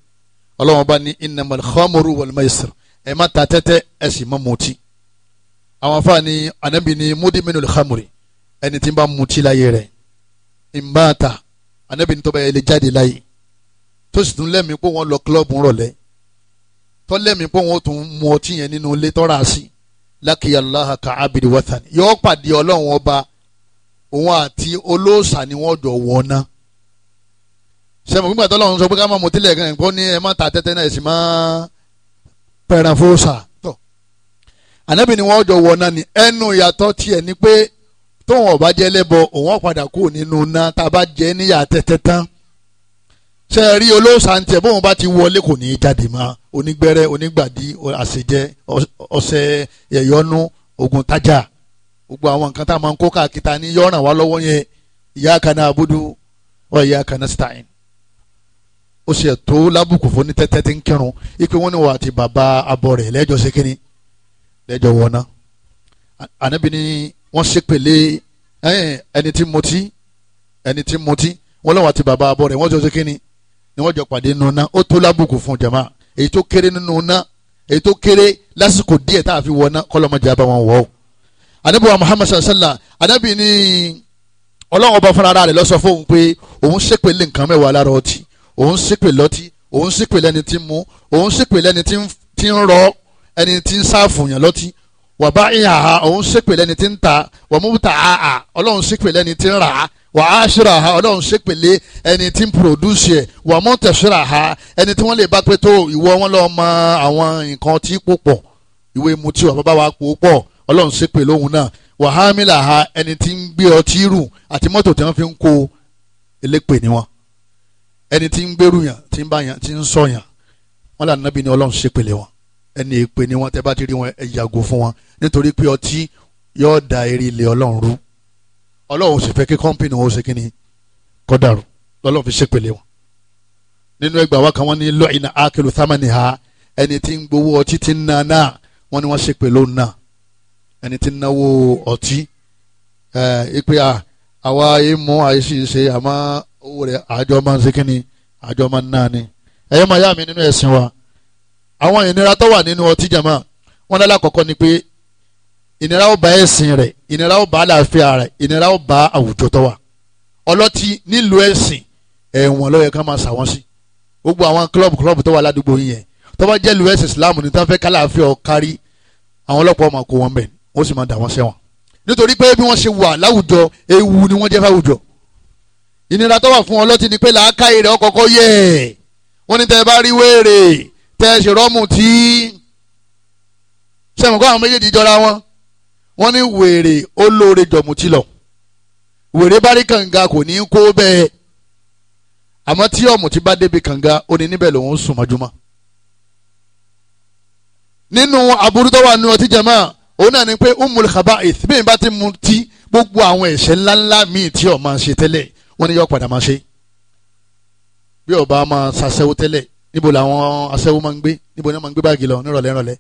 ọlọ́wọ́n bá ní innamal khamru wal maisir ẹ má ta tẹ́tẹ́ ẹ sì má mutí àwọn afáàní anabi ni mudiminul khamri ẹni tí ń bá mutí láyé rẹ̀ ìmbáta anabi ní tọ́ba ẹ lè jáde láyé tó sì tún lẹ́mìí pé wọ́n lọ kílọ̀bù ńrọ̀lẹ́ tọ́lẹ́mí pé wọ́n tún mu ọtí yẹn nínú ilé tọ́ra sí lákìyà aláha ká abidi wọ́tàn yóò pàdé ọlọ́run ọba òun àti olóòṣà ni wọ́n jọ wọ̀ọ́ná sẹ́mi gbígbà tọ́lọ́run sọ pé ká má mutí lẹ́ẹ̀kan ẹ̀ kó ní ẹ má ta tẹ́tẹ́ náà ẹ̀ sì má pẹ̀ràn fóòṣà tọ̀ ànábì ni wọ́n jọ wọ̀ọ́ná ni ẹnu ìyàtọ̀ tiẹ̀ ni pé tóun ọba jẹ́ lẹ́bọ òun padà kú nínú ná tá a bá jẹ́ níyà tẹ́tẹ́ tán ṣe olóòṣà ń tiẹ̀ bóun bá ti wọlé kò ní í jáde máa onígbẹ́rẹ́ onígbàdí àṣejẹ ọ̀sẹ̀ ẹ̀yọ́nú ogun tájà gbogbo àwọn nǹkan tá a máa ń kó káàkiri ní yọ̀ràn wá lọ́wọ́ yẹn ìyá kaná abudu wà ìyá kaná stein ó sì tó lábùkù fún ní tẹ́tẹ́ tí ń kírun ipe wọn ni wà àti bàbá abọ rẹ̀ lẹ́jọ́ ṣe kínní lẹ́jọ́ wọ̀nà ànábi ni wọ́n ṣépèlé ẹni tí mutí ẹni tí mutí wọ́n lọ́wọ́ àti bàbá abọ rẹ̀ wọ́n jọ ṣe kínní ni wọ́n jọ pàdé nù náà ó tó lábùkù fún jama èyí tó kéré nínú ná èyí tó kéré lásìkò díẹ̀ tá a fi wọ ná kọ́lọ́mọdé abá wọn wọ́ o. anabi wa muhammad sallallahu anabi ni ọlọ́run ọba fúnra rẹ̀ ló sọ fóun pé òun ṣépè lé nǹkan mẹ́wàá lára ọtí òun ṣépè lọ́tí òun ṣépè lẹ́ni tí ń mu òun ṣépè lẹ́ni tí ń rọ ẹni tí ń sáfùyàn lọ́tí wàbá ìhà òun ṣépè lẹ́ni tí ń ta wàmúta àà ọlọ́run ṣépè lẹ́ni tí ń rà á wà á ṣíra ha ọlọ́run ṣépèlé ẹni tí ń produce ẹ̀ wà mọ́ tẹ̀síra ha ẹni tí wọ́n lè bá pé tó ìwọ wọn lọ́ọ́ mọ àwọn nǹkan tí kò pọ̀ ìwé mutí wà bàbá wa pò pọ̀ ọlọ́run ṣépèlé òun náà wà á mílà ha ẹni tí ń gbé ọtí rù àti mọ́tò tí wọ́n fi ń kó elépè ni wọn ẹni tí ń gbèrú yàn tí ń bá yàn tí ń sọ yàn wọn là nàbí ni ọlọ́run ṣépèlé wọn ẹni èpè ni wọn tẹ́ bá ti rí wọn ẹ yàgò fún wọn nítorí pé ọtí yóò da eré ilé ọlọ́run rú ọlọ́run sì fẹ́ kí kọ́ńpìnì wọn ó ṣe kí ni kọ́ dàrú lọ́lọ́run fi ṣépele wọn nínú ẹgbà wa kan wọ́n ní lọ́ọ̀yìn akílù thamani ha ẹni tí ń gbowó ọtí ti ń na náà wọ́n ní wọ́n ṣépele òun náà ẹni tí ń náwó ọtí ẹ ipe a àwa ìmú àìsí ṣe àmọ́ owó rẹ̀ àjọ máa ń ṣe kí ni àjọ máa ń náà ni ẹ̀yọ́ máa yá mi nínú ẹ̀sìn wa àwọn ìnira tó wà nínú ọtí jàmá wọn lálẹ́ àkọ́kọ́ ni pé ìnira ó bá ẹ̀sìn rẹ̀ ìnira ó bá àlàáfíà rẹ̀ ìnira ó bá àwùjọ tó wà ọlọ́tí nílùú ẹ̀sìn ẹ̀wọ̀n lọ́yẹ ká máa ṣàwọn sí gbogbo àwọn club club tó wà ládùúgbò yìí yẹn tó bá jẹ́ lu ẹ̀sìn Islam ní tán fẹ́ kálàáfíà ó kárí àwọn ọlọ́pàá máa kó wọn bẹ̀ wọ́n sì máa dà wọ́n sẹ́wọ̀n nítorí pé bí wọ́n ṣe wà láwùjọ ewu ni wọ́n jẹ́ fáwùjọ ìnira tó wà fún ọlọ́tí ni pé làákàyè rẹ̀ ọkọ̀ọ̀kọ̀ yẹ̀ wọ́n ní tẹ́ bá rí wéèrè tẹ́ ṣèrọ́mù tí sẹ́wọ̀n kọ́ àwọn méjèèjì jọra wọn wọ́n ní wèrè ó lóore jọ̀mùtí lọ wèrè bá rí kànga kò ní kó bẹ́ẹ̀ àmọ́ tí ọ̀mùtí bá débi kànga ó ní níbẹ̀ lòun sùn mọ́júmọ́ nínú aburú tó wà nínú ọtí jẹ̀mọ́ òun náà ni pé umul khaba'ith bí n bá ti mu tí gbogbo àwọn ẹ̀ṣẹ̀ ńláńlá míì tí ọ̀ máa ṣe tẹ́lẹ̀ wọ́n ní yọ padà máa ṣe bí ọba máa ṣàṣẹ́wó tẹ́lẹ̀ níbo làwọn aṣẹ́wó máa ń gbé níbo ni wọ́n máa ń gbé báàgì lọ nírọ̀lẹ́ nírọ̀lẹ́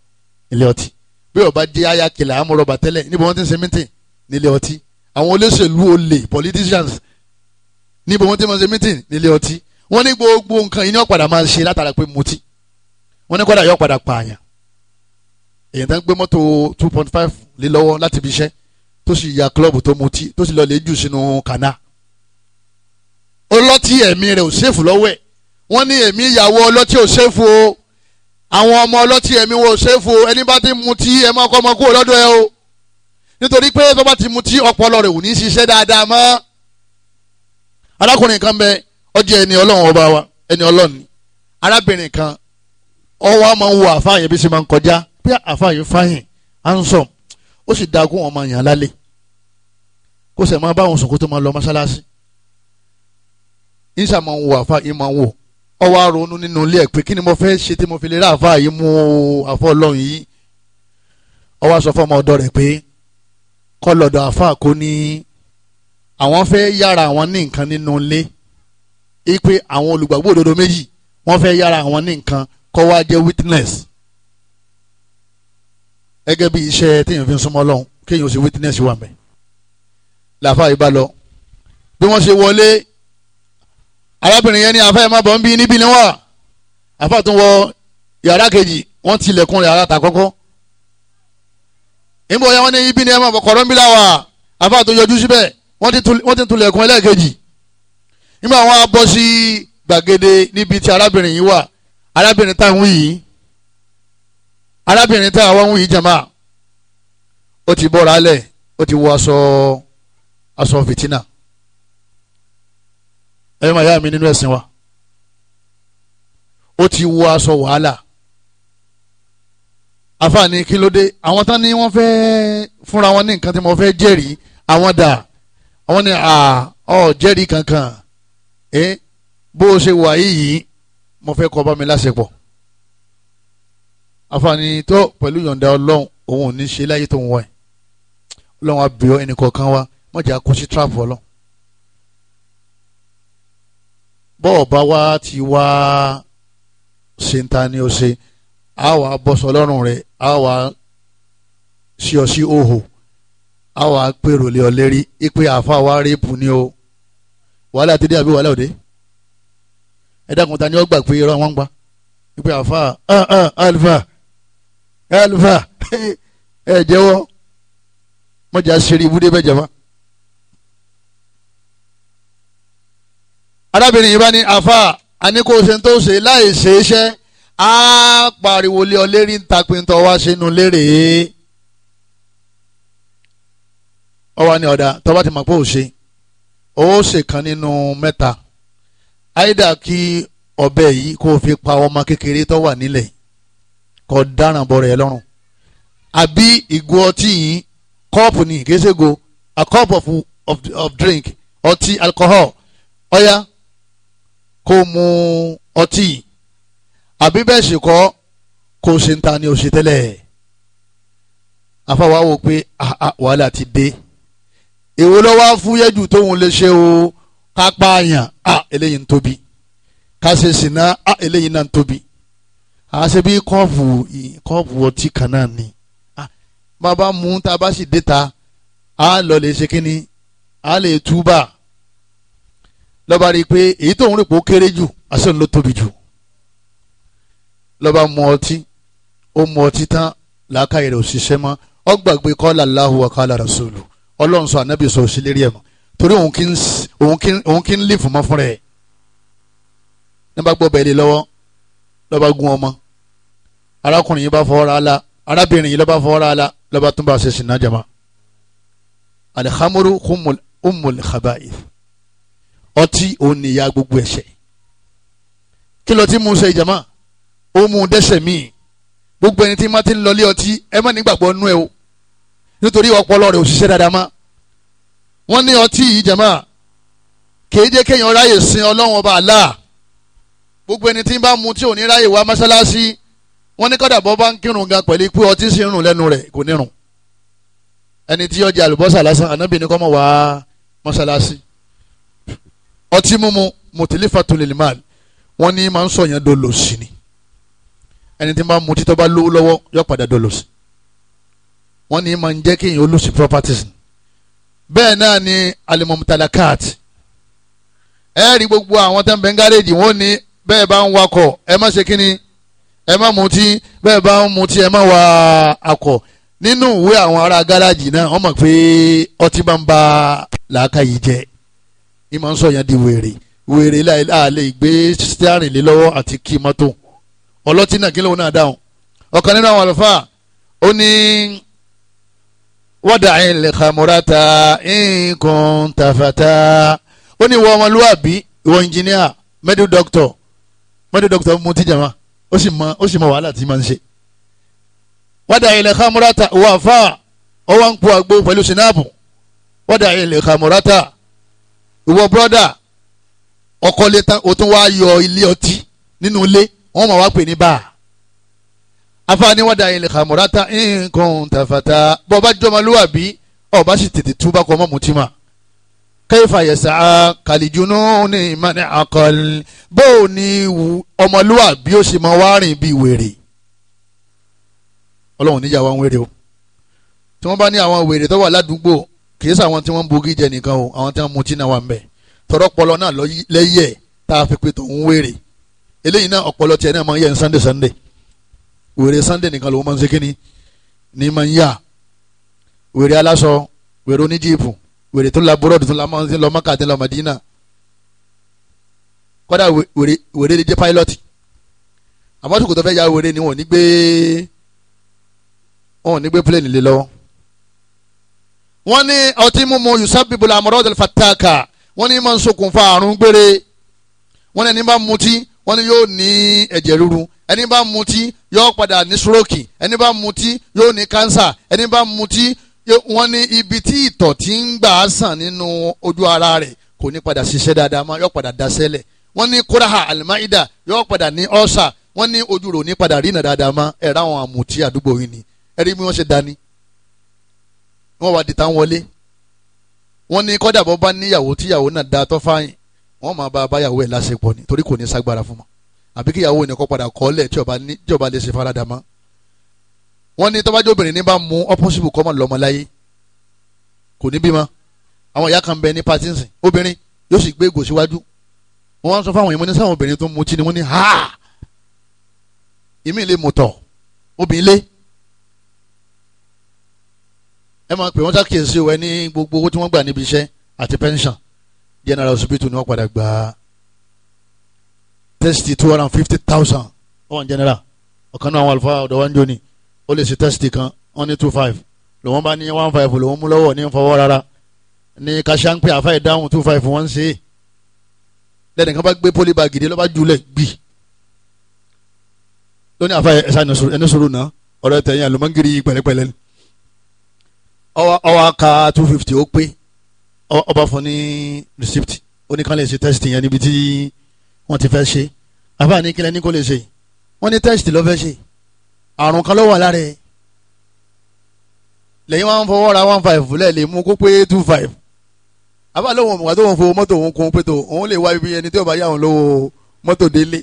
ilé ọtí bí ọba jẹ́ ayakẹlẹ̀ amúrọ̀bà tẹ́lẹ̀ níbo wọ́n ti ń ṣe mítìn nílé ọtí àwọn olóṣèlú olè politicians níbo wọ́n ti máa ṣe mítìn nílé ọtí wọ́n ní gbogbo nǹkan yìí ní ọ̀padà máa ṣe látara pé mutí wọ́n ní kọ́dà yóò padà pààyàn èyàn tán gbé mọ́tò two point five lé lọ́wọ́ láti fi iṣẹ́ tó sì ya klọ́ọ̀bù tó mutí tó sì lọ lè jù sínú kànáà ọlọ́tí ẹ̀mí rẹ̀ ò ṣèfù lọ́wọ́ ẹ̀ wọ́n ní ẹ̀mí ìyàwó ọlọ́tí ò ṣèfù o àwọn ọmọ ọlọ́tí ẹ̀mí wo ṣéfo ẹni bá ti mu tí ẹ máa kọ́ ọmọ kúrò lọ́dọ̀ ẹ o nítorí pé tó bá ti mu tí ọpọlọ rẹ̀ ò ní ṣiṣẹ́ dáadáa mọ́ arákùnrin kan bẹ ọjọ́ ẹni ọlọ́run ọba wa ẹni ọlọ́run arábìnrin kan ọwọ́ máa ń wo àfáàyàn bí ṣe máa ń kọjá bí àfáàyàn fáyìn handsome ó sì dáa kó wọn yàn lálẹ́ kó sẹ̀ máa bá wọn sùn kó tó máa lọ mọ́ṣáláṣí ìṣà máa ń wo àfáàyàn máa ń wò ó wá ronú nínú ilé ẹ̀ pé kí ni mo fẹ́ ṣe tí mo fi lè rà àfa yìí mú àfọ ọlọ́run yìí ó wá sọ fún ọmọ ọ̀dọ̀ rẹ̀ pé kọ́ lọ́dọ̀ àfa kò ní àwọn fẹ́ yára àwọn ní nǹkan nínú ilé é pé àwọn olùgbàgbọ́ òdodo méjì wọ́n fẹ́ yára àwọn ní nǹkan kọ́ wá jẹ́ witness gẹ́gẹ́ bí iṣẹ́ téèyàn fi ń súnmọ́ ọlọ́run kéèyàn ó ṣe witness wà mẹ́ làfa yìí bá lọ bí wọ́n ṣe wọlé arábìnrin yẹn ní afẹ́ má bọ̀ ń bí níbí ni wọ́n afẹ́ tó ń wọ yàrá kejì wọ́n ti ilẹ̀kùn rẹ̀ ara ta kọ́kọ́ níbo ya wọ́n ní ibi ni ẹ má bọ̀ kọ̀rọ̀ ń bí láwà afẹ́ tó yọjú síbẹ̀ wọ́n ti tulẹ̀kùn ẹlẹ́ẹ̀kejì nígbà wọn á bọ́ sí gbàgede níbi tí arábìnrin yìí wà arábìnrin tá à ń wí yìí arábìnrin tá à ń wí yìí jàmá ó ti bọ́ra lẹ̀ ó ti wọ aṣọ aṣọ fìtínà ẹ̀yọ́ màá yá mi nínú ẹ̀sìn wa ó ti wọ aṣọ wàhálà àfààní kí ló dé àwọn tán ni wọ́n fẹ́ fúnra wọn ní nǹkan tí mo fẹ́ jẹ́rìí àwọn dà àwọn ni à ọ jẹ́rìí kankan ẹ bó o ṣe wà yìí mo fẹ́ kọ́ bá mi láṣepọ̀ àfààní tó pẹ̀lú yọ̀ǹda ọlọ́run òun ò ní ṣe láyé tó ń wọ̀ ẹ́ ọlọ́run á ẹnì kọ̀ọ̀kan wa mọ̀jà kó sí tíráàpù ọlọ́run. bọ́ọ̀bá wa ti wá ṣèǹta ni ó ṣe á wà bọ́sọ̀ lọ́rùn rẹ̀ á wà sí ọ sí òhò á wà pèrò lé ọ lérí ipe àfa wa rẹ́pù ni o wàhálà ti dé àbí wàhálà òde ẹ dákun ta ni ó pé irọ́ wọn ń ipe àfa ah, ah, alfa alfa ẹ jẹ́wọ́ mọ̀jà ṣeré ibùdó bẹ́ẹ̀ jẹ́ fún wa. arábìnrin yìí bá ní afa àníkóṣe tó ṣe láì ṣe é ṣẹ́ á pariwo lé ọ lérí ń tapintọ́ wá sínú lérè ọwọ́ ni ọ̀dà tọ́ba ti mọ̀ pé ò ṣe ó ṣèkan nínú mẹ́ta áìdà kí ọbẹ̀ yìí kó o fi pa ọmọ kékeré tó wà nílẹ̀ kó dáràn bọ̀ rẹ̀ lọ́rùn àbí ìgò ọtí yìí kọ́ọ̀pù ni kì í ṣe go a cup of, of, of drink ọtí alcohol ọ̀ya kó mu ọtí àbí bẹ́ẹ̀ ṣe kọ́ kó ṣe ń ta ni òṣè tẹ́lẹ̀ afáwa wò pé ah, ah, wàhálà ti dé èwo ló wá fúyẹ́ jù tóun lè ṣe o ká pààyàn ah, eléyìí ń tóbi ká ṣe a eléyìí náà ń tóbi àṣẹ bí kọ́ọ̀fù kọ́ọ̀fù ọtí kan náà ni bàbá mú tá a bá sì dé ta á lọ lè ṣe kínní á lè túbà lọ́ba rí i pé èyí tóun rò pé ó kéré jù àṣẹ ló tóbi jù lọ́ba mu ọtí ó mu ọtí tán làákàyè rẹ̀ ò ṣiṣẹ́ mọ́ ó gbàgbé kọ́lá Allahu wa kọ́lá ọlọ́run sọ ànábì sọ òṣèlérí ẹ̀ mọ́ torí òun kí ń lè fún mọ́ fúnra ẹ̀ nígbà gbọ́ bẹ̀rẹ̀ lọ́wọ́ lọ́ba gun ọmọ arákùnrin yìí bá fọwọ́ ra la arábìnrin yìí lọ́ba fọwọ́ ra la lọ́ba tún bá ṣe sìnà jama alihamuru humul khaba'ith ọtí òun ni ìyá gbogbo ẹ̀ṣẹ̀ kí ló ti mú ṣe ìjàmá ó mú un dẹ́ṣẹ̀ míì gbogbo ẹni tí má ti ń lọlé ọtí ẹ má nígbàgbọ́ nú ẹ o nítorí ọpọlọ rẹ ò ṣiṣẹ́ dáadáa má wọ́n ní ọtí yìí jàmá kìí jẹ́ kéèyàn ráyè sin ọlọ́run ọba àlá gbogbo ẹni tí ń bá mu tí ò ní ráyè wá mọ́ṣáláṣí wọ́n ní kọ́dà bọ́ bá ń kírun gan pẹ̀lú pé ọtí sì ń rùn lẹ́nu rẹ̀ kò ní rùn ẹni tí ó àlùbọ́sà lásán ànábì ní kó wá mọ́ṣáláṣí ọtí mímu mutilifatun lil mal wọ́n ní máa ń sọ yẹn dolo sí ni ẹni tí ń bá mutí tó bá lówó lọ́wọ́ yọ padà dolo sí wọ́n ní máa ń jẹ́ kéèyàn olùsí properties ni bẹ́ẹ̀ náà ni alimọ̀mùtàlákàt ẹ rí gbogbo àwọn tẹ́ ń bẹ ń gáréèjì wọ́n ní bẹ́ẹ̀ bá ń wakọ̀ ẹ má ṣe kínni ẹ má mutí bẹ́ẹ̀ bá ń mutí ẹ má wa akọ̀ nínú ìwé àwọn ará gáráàjì náà wọ́n mọ̀ pé ọtí bá ń ba làákàyè jẹ́ ní máa ń sọ yẹn di wèrè wèrè láàlè gbé stiarin lé lọ́wọ́ àti kí mọ́tò ọlọ́tí náà kí lóun náà dáhùn ọ̀kan nínú àwọn àlùfáà ó ní wọ́dà ilẹ̀ kàmúrátà nǹkan tàfàtà ó ní ìwọ ọmọlúwàbí ìwọ ẹnjìníà mẹ́dù dọ́kítọ̀ mẹ́dù dọ́kítọ̀ mu ti jàmá ó sì mọ ó sì mọ wàhálà tí ma ń ṣe wọ́dà ilẹ̀ kàmúrátà ìwọ àfáà ọwọ́ ń po àgbo pẹ̀lú sinapu wọ́dà ilẹ̀ kàmúrátà ìwọ brọ́dà ọkọ lé tán o tún wá yọ ilé ọtí nínú ilé wọn máa wá pè ní báà afaani wọn da ilẹ̀ kàmúrátà nǹkan tàfàtà bọ́ ọba jọmọlúwàbí ọba sì tètè túbà kọ́ mọ́ mutí ma kẹfà yẹsà kàlíjúnú ní ìmọ̀ni àkọlù bó o ní ọmọlúwàbí ó sì máa wá rìn bíi wèrè ọlọ́run níjà wa wèrè o tí wọ́n bá ní àwọn wèrè tó wà ládùúgbò kìí sàwọn tí wọ́n ń bogi jẹ nìkan o àwọn tí wọ́n mutí náà wà ń bẹ̀ tọ́rọ ọpọlọ náà lẹ́yẹ̀ tá a fi pe tòun wéèrè eléyìí náà ọpọlọ tiẹ̀ náà máa ń yẹ ní sunday sunday wèrè sunday nìkan ló máa ń ṣe kínní ní máa ń yà wèrè aláṣọ wèrè oníjìpù wèrè tó la búrọ́dù tó la máa ń ṣe lọ́mọ kàdé lọ́mọ dínà kọ́dà wèrè wèrè lè jẹ́ pilọ́tì àmọ́ tó kò tó fẹ́ ya wèrè ni wọ́n ò ní gbé wọ́n ní gbé plane lé lọ́wọ́ wọ́n ní ọtí mímu yusabibu amọ̀rọ̀ fataka wọ́n ní máa ń ṣokùnfà àrùn gbére wọ́n ní ẹni bá mutí wọ́n ní yóò ní ẹ̀jẹ̀ ríru ẹni bá mutí yóò padà ní stroke ẹni bá mutí yóò ní cancer ẹni bá mutí wọ́n ní ibi tí ìtọ̀ ti ń gbà á sàn nínú ojú ara rẹ̀ kò ní padà ṣiṣẹ́ dáadáa mọ́ yóò padà daṣẹ́lẹ̀ wọ́n ní kóraha alimaida yóò padà ní ulcer wọ́n ní ojú rò ní padà rí náà dáadáa mọ́ ẹ̀rọ àwọn àdúgbò yìí ni ẹ̀rí bí wọ́n ṣe dání wọ́n wá di tán wọlé wọ́n ní kọ́dà bọ́ bá níyàwó tíyàwó náà da tọ́ fáyìn wọ́n máa bá báyàwó ẹ̀ láṣepọ̀ ni torí kò ní ságbára fún ma àbí kíyàwó ni kọ́ padà kọ́lẹ̀ tí ọba lè ṣe farada mọ́ wọ́n ní tọ́bájú obìnrin ní bá mú ọ́pọ́sibù kọ́ mọ̀ lọ́mọ láyé kò ní bímọ àwọn ìyá kan bẹ ní patinsin obìnrin yóò sì gbé ègò síwájú wọ́n á sọ fáwọn ìmọ̀ ní sáwọn obìnrin tó mutí ni wọ́n ní ha ìmí lè mutọ̀ obìnrin lé ẹ máa pè wọ́n ṣàkíyèsí o ẹ ní gbogbo owó tí wọ́n gbà níbi iṣẹ́ àti pension general hospital ni wọ́n padà gbà test two hundred and fifty thousand ọ̀hún general ọ̀kan náà àwọn àlùfáà ọ̀dọ̀ wa ń jóni ó lè ṣe test kan wọ́n two five lòun bá ní one five lòun mú lọ́wọ́ ní fọwọ́ rárá ní kàṣà ń pè àfáà ìdáhùn two five wọ́n ń ṣe é lẹ́nu kan bá gbé pólí bá gidi lọ́ba jùlẹ̀ gbì lónìí àfáà ẹ̀ṣá ẹni sòrò náà ọ̀rọ̀ ẹ̀tẹ̀yìn àlùmọ́ngìrì pẹ̀lẹ́pẹ̀lẹ́ ni ọwọ́ ka two fifty ó pé ọba fún ní receipt oníkanlẹ̀ ṣe test yẹn níbi tí wọ́n ti fẹ́ ṣe àbá ní kílẹ̀ ní kò lè ṣe wọ́n ní test ló fẹ́ ṣe àrùn kan ló wà lára ẹ̀ lẹ́yìn wọn fọwọ́ ra one five lẹ́ẹ̀ lè mú kó pé two five àbá lóhùn ọ̀gá tó ń fowó mọ́tò òun kún pé tó òun lè wá ibi ẹni tí ó bá yá òun lówó mọ́tò délé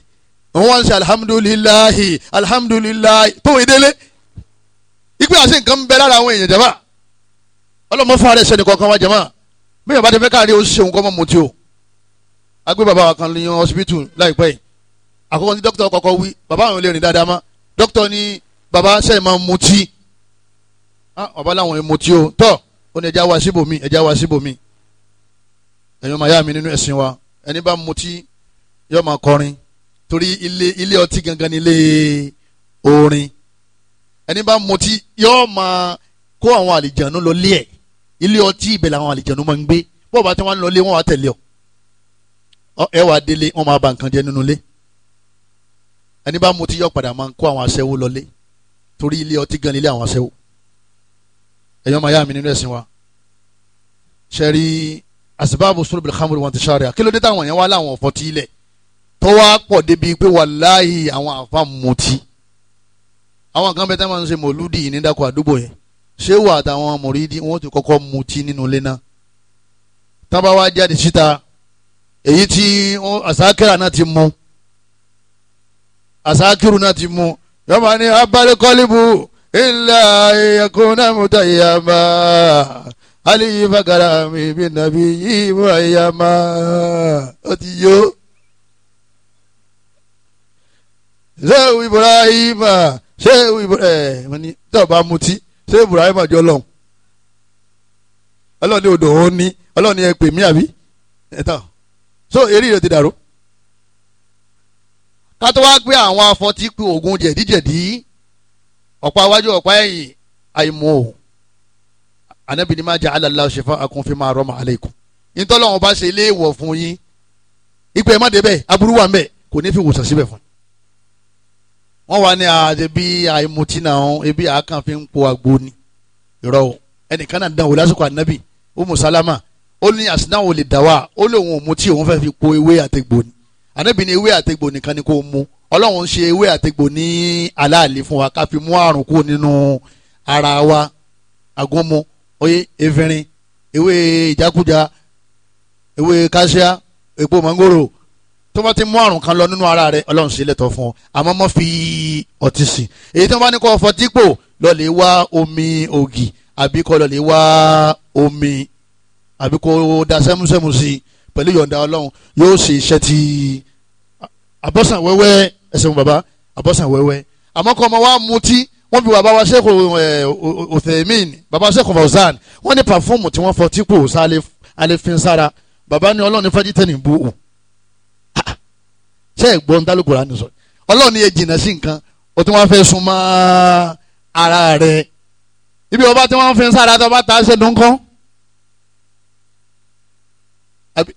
òun wọ́n ń ṣe alihamudulilayi alihamudulilayi tóun délé ipe àṣẹ nǹkan ń bẹ lára àwọn èèyàn jàmbá ọlọ́mọ fàárẹ̀ sẹ́ni kankan wa jẹ̀mọ́ bẹ́ẹ̀ bá ti fẹ́ káàrí o ṣeun kọ́ mọ́ mutí o agbé bàbá wa kan yan ọsibítù láìpẹ́ yìí àkọ́kọ́ ní dókítà kọ́kọ́ wí bàbá àwọn olè rìn dáadáa má dókítà ní bàbá sẹ́yìn máa mutí ah, bàbá làwọn ẹ̀ mutí o tọ́ ó ní ẹja wá síbòmí ẹja wá síbòmí ẹ̀yin ọmọ ayá mi nínú ẹ̀sìn wa ẹni bá mutí yóò máa kọrin torí ilé ilé ọtí gangan nílé orin ẹni bá mutí yóò máa kó àwọn àlìjànú lọ lé ẹ̀ ilé ọtí ibẹ̀ làwọn àlìjẹ̀nu máa ń gbé bọ́ọ̀ bá tí wọ́n ń lọlé wọ́n wá tẹ̀lé ọ ẹ wàá délé wọ́n máa ba nǹkan jẹ́ nínú ilé ẹni bá mutí yọ padà máa ń kó àwọn aṣẹ́wó lọlé torí ilé ọtí gan ilé àwọn aṣẹ́wó ẹ̀yọ́ máa yá mi nínú ẹ̀sìn wa ṣẹ́rí àsìbáàbò sùrùbìlì khamri wọn ti ṣáre àkílódé táwọn yẹn wá láwọn ọ̀fọ̀ tí ilẹ̀ tó wá pọ̀ débi pé wàláhì àwọn àfa mutí àwọn kan bẹ́ẹ̀ tá ṣéwù àtàwọn mùrídì wọn ti kọ́kọ́ mutí nínú ilé náà tábà wá jáde síta èyí tí àsákẹ́rà náà ti mu àsákẹ́rù náà ti mu yọba ni abali kọ́líbù ilẹ̀ ayẹkùnà mutayama aliyi fagara mi bi nabi yi mutayama ó ti yó. ṣéwù ibrahima ṣéwù ibrahima ẹ wọ́n ní tọ́ba mutí ṣé Ibrahim àjọ lọ́hùn ọlọ́run ní odò òun ní ọlọ́run ẹ pè mí àbí ẹ tán so eré rẹ ti dàrú kátó wá gbé àwọn afọtí pé oògùn jẹ̀díjẹ̀dí ọ̀pá iwájú ọ̀pá ẹ̀yìn àìmọ̀ o anabi ni ma ja'ala Allahu shifa'akum fima rama alaykum nítorí ọlọ́run bá ṣe ilé ìwọ̀ fún yín ìpè má débẹ̀ aburú wà ń kò ní fi wòsàn síbẹ̀ fún yín wọ́n wà ní àdébí àìmọtí náà ebi àákàn fi ń po àgbo ni irọ́ o ẹnìkan náà dánwò lásìkò ànábì umu salama ó ní àsìnáwò lè dà wá ó lóun ò mutí òun fẹ́ fi po ewé àtẹ̀gbò ni ànábì ní ewé àtẹ̀gbò nìkan ni kò mu ọlọ́run ṣe ewé àtẹ̀gbò ní aláàlè fún wa ká fi mú àrùn kúrò nínú ara wa àgúnmu oyè efirin ewé ìjákújá ewé káṣíá epo mangoro tó bá ti mú àrùn kan lọ nínú ara rẹ ọlọ́run sì lẹ́tọ̀ fún ọ àmọ́ mọ́ fi ọtí sí èyí tí wọ́n bá ní kó fọ dípò lọ lè wá omi ògì àbí kó lọ lè wá omi àbí kó da sẹ́mùsẹ́mù sí pẹ̀lú yọ̀ǹda ọlọ́run yóò ṣe iṣẹ́ ti àbọ̀sàn wẹ́wẹ́ ẹ̀sìn bàbá àbọ̀sàn wẹ́wẹ́ àmọ́ kọ́ ọmọ wa mutí wọ́n fi bàbá wa sẹ́kù ọ̀tẹ̀mín eh, bàbá sẹ́kù fọ̀zán wọ́n ní pàfọ́ọ̀mù tí wọ́n fọ típò sálẹ̀ alẹ́ fi ń sára bàbá ní ọlọ́run ní fẹ́jítẹ́ nìbú ṣe é gbọ́ ntálùkù rà ní sọ ọlọ́run ni ejìnà sí nǹkan o tí wọ́n fẹ́ sun mọ́ ara rẹ̀ ibi ọba tí wọ́n fi sára tó bá ta ṣe dùn kán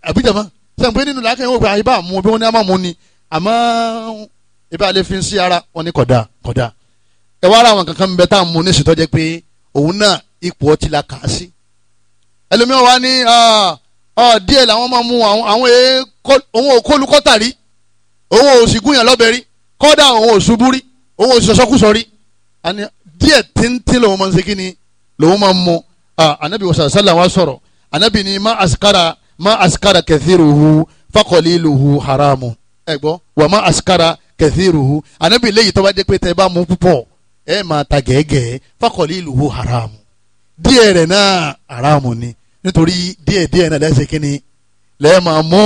àbíjàmá sẹ́yìn pé nínú làákàn yóò gba ibà mú bí wọ́n ní àmọ́ ni àmọ́ ibà lè fi sí ara wọn ní kódà kódà ẹ wá ara àwọn kankan bẹ tá a mú ní ìsìtọ́ pé òun náà ipò ọtí la kà á sí ẹlòmíràn wá ní díẹ̀ làwọn máa mú àwọn èèkó òun ò kólu kọ́tà rí òun ò sì gúnyàn lọ́bẹ̀ rí kódà òun ò ṣubú rí òun ò sì sọ́sọ́kùsọ rí àní díẹ̀ tíntín lòun máa ń ṣe kíni lòun máa ń mu anabi wasa sallam wa sọ̀rọ̀ anabi ni ma askara ma askara kathiruhu fakọliluhu haramu ẹ gbọ́ wa ma askara kathiruhu anabi léyìí tọ́ba dé pé tẹ́ bá mu púpọ̀ ẹ máa ta gẹ́gẹ́ fakọliluhu haramu díẹ̀ rẹ̀ náà haramu ni nítorí díẹ̀ díẹ̀ náà lẹ́sẹ̀ kíni lẹ́ẹ̀ máa mú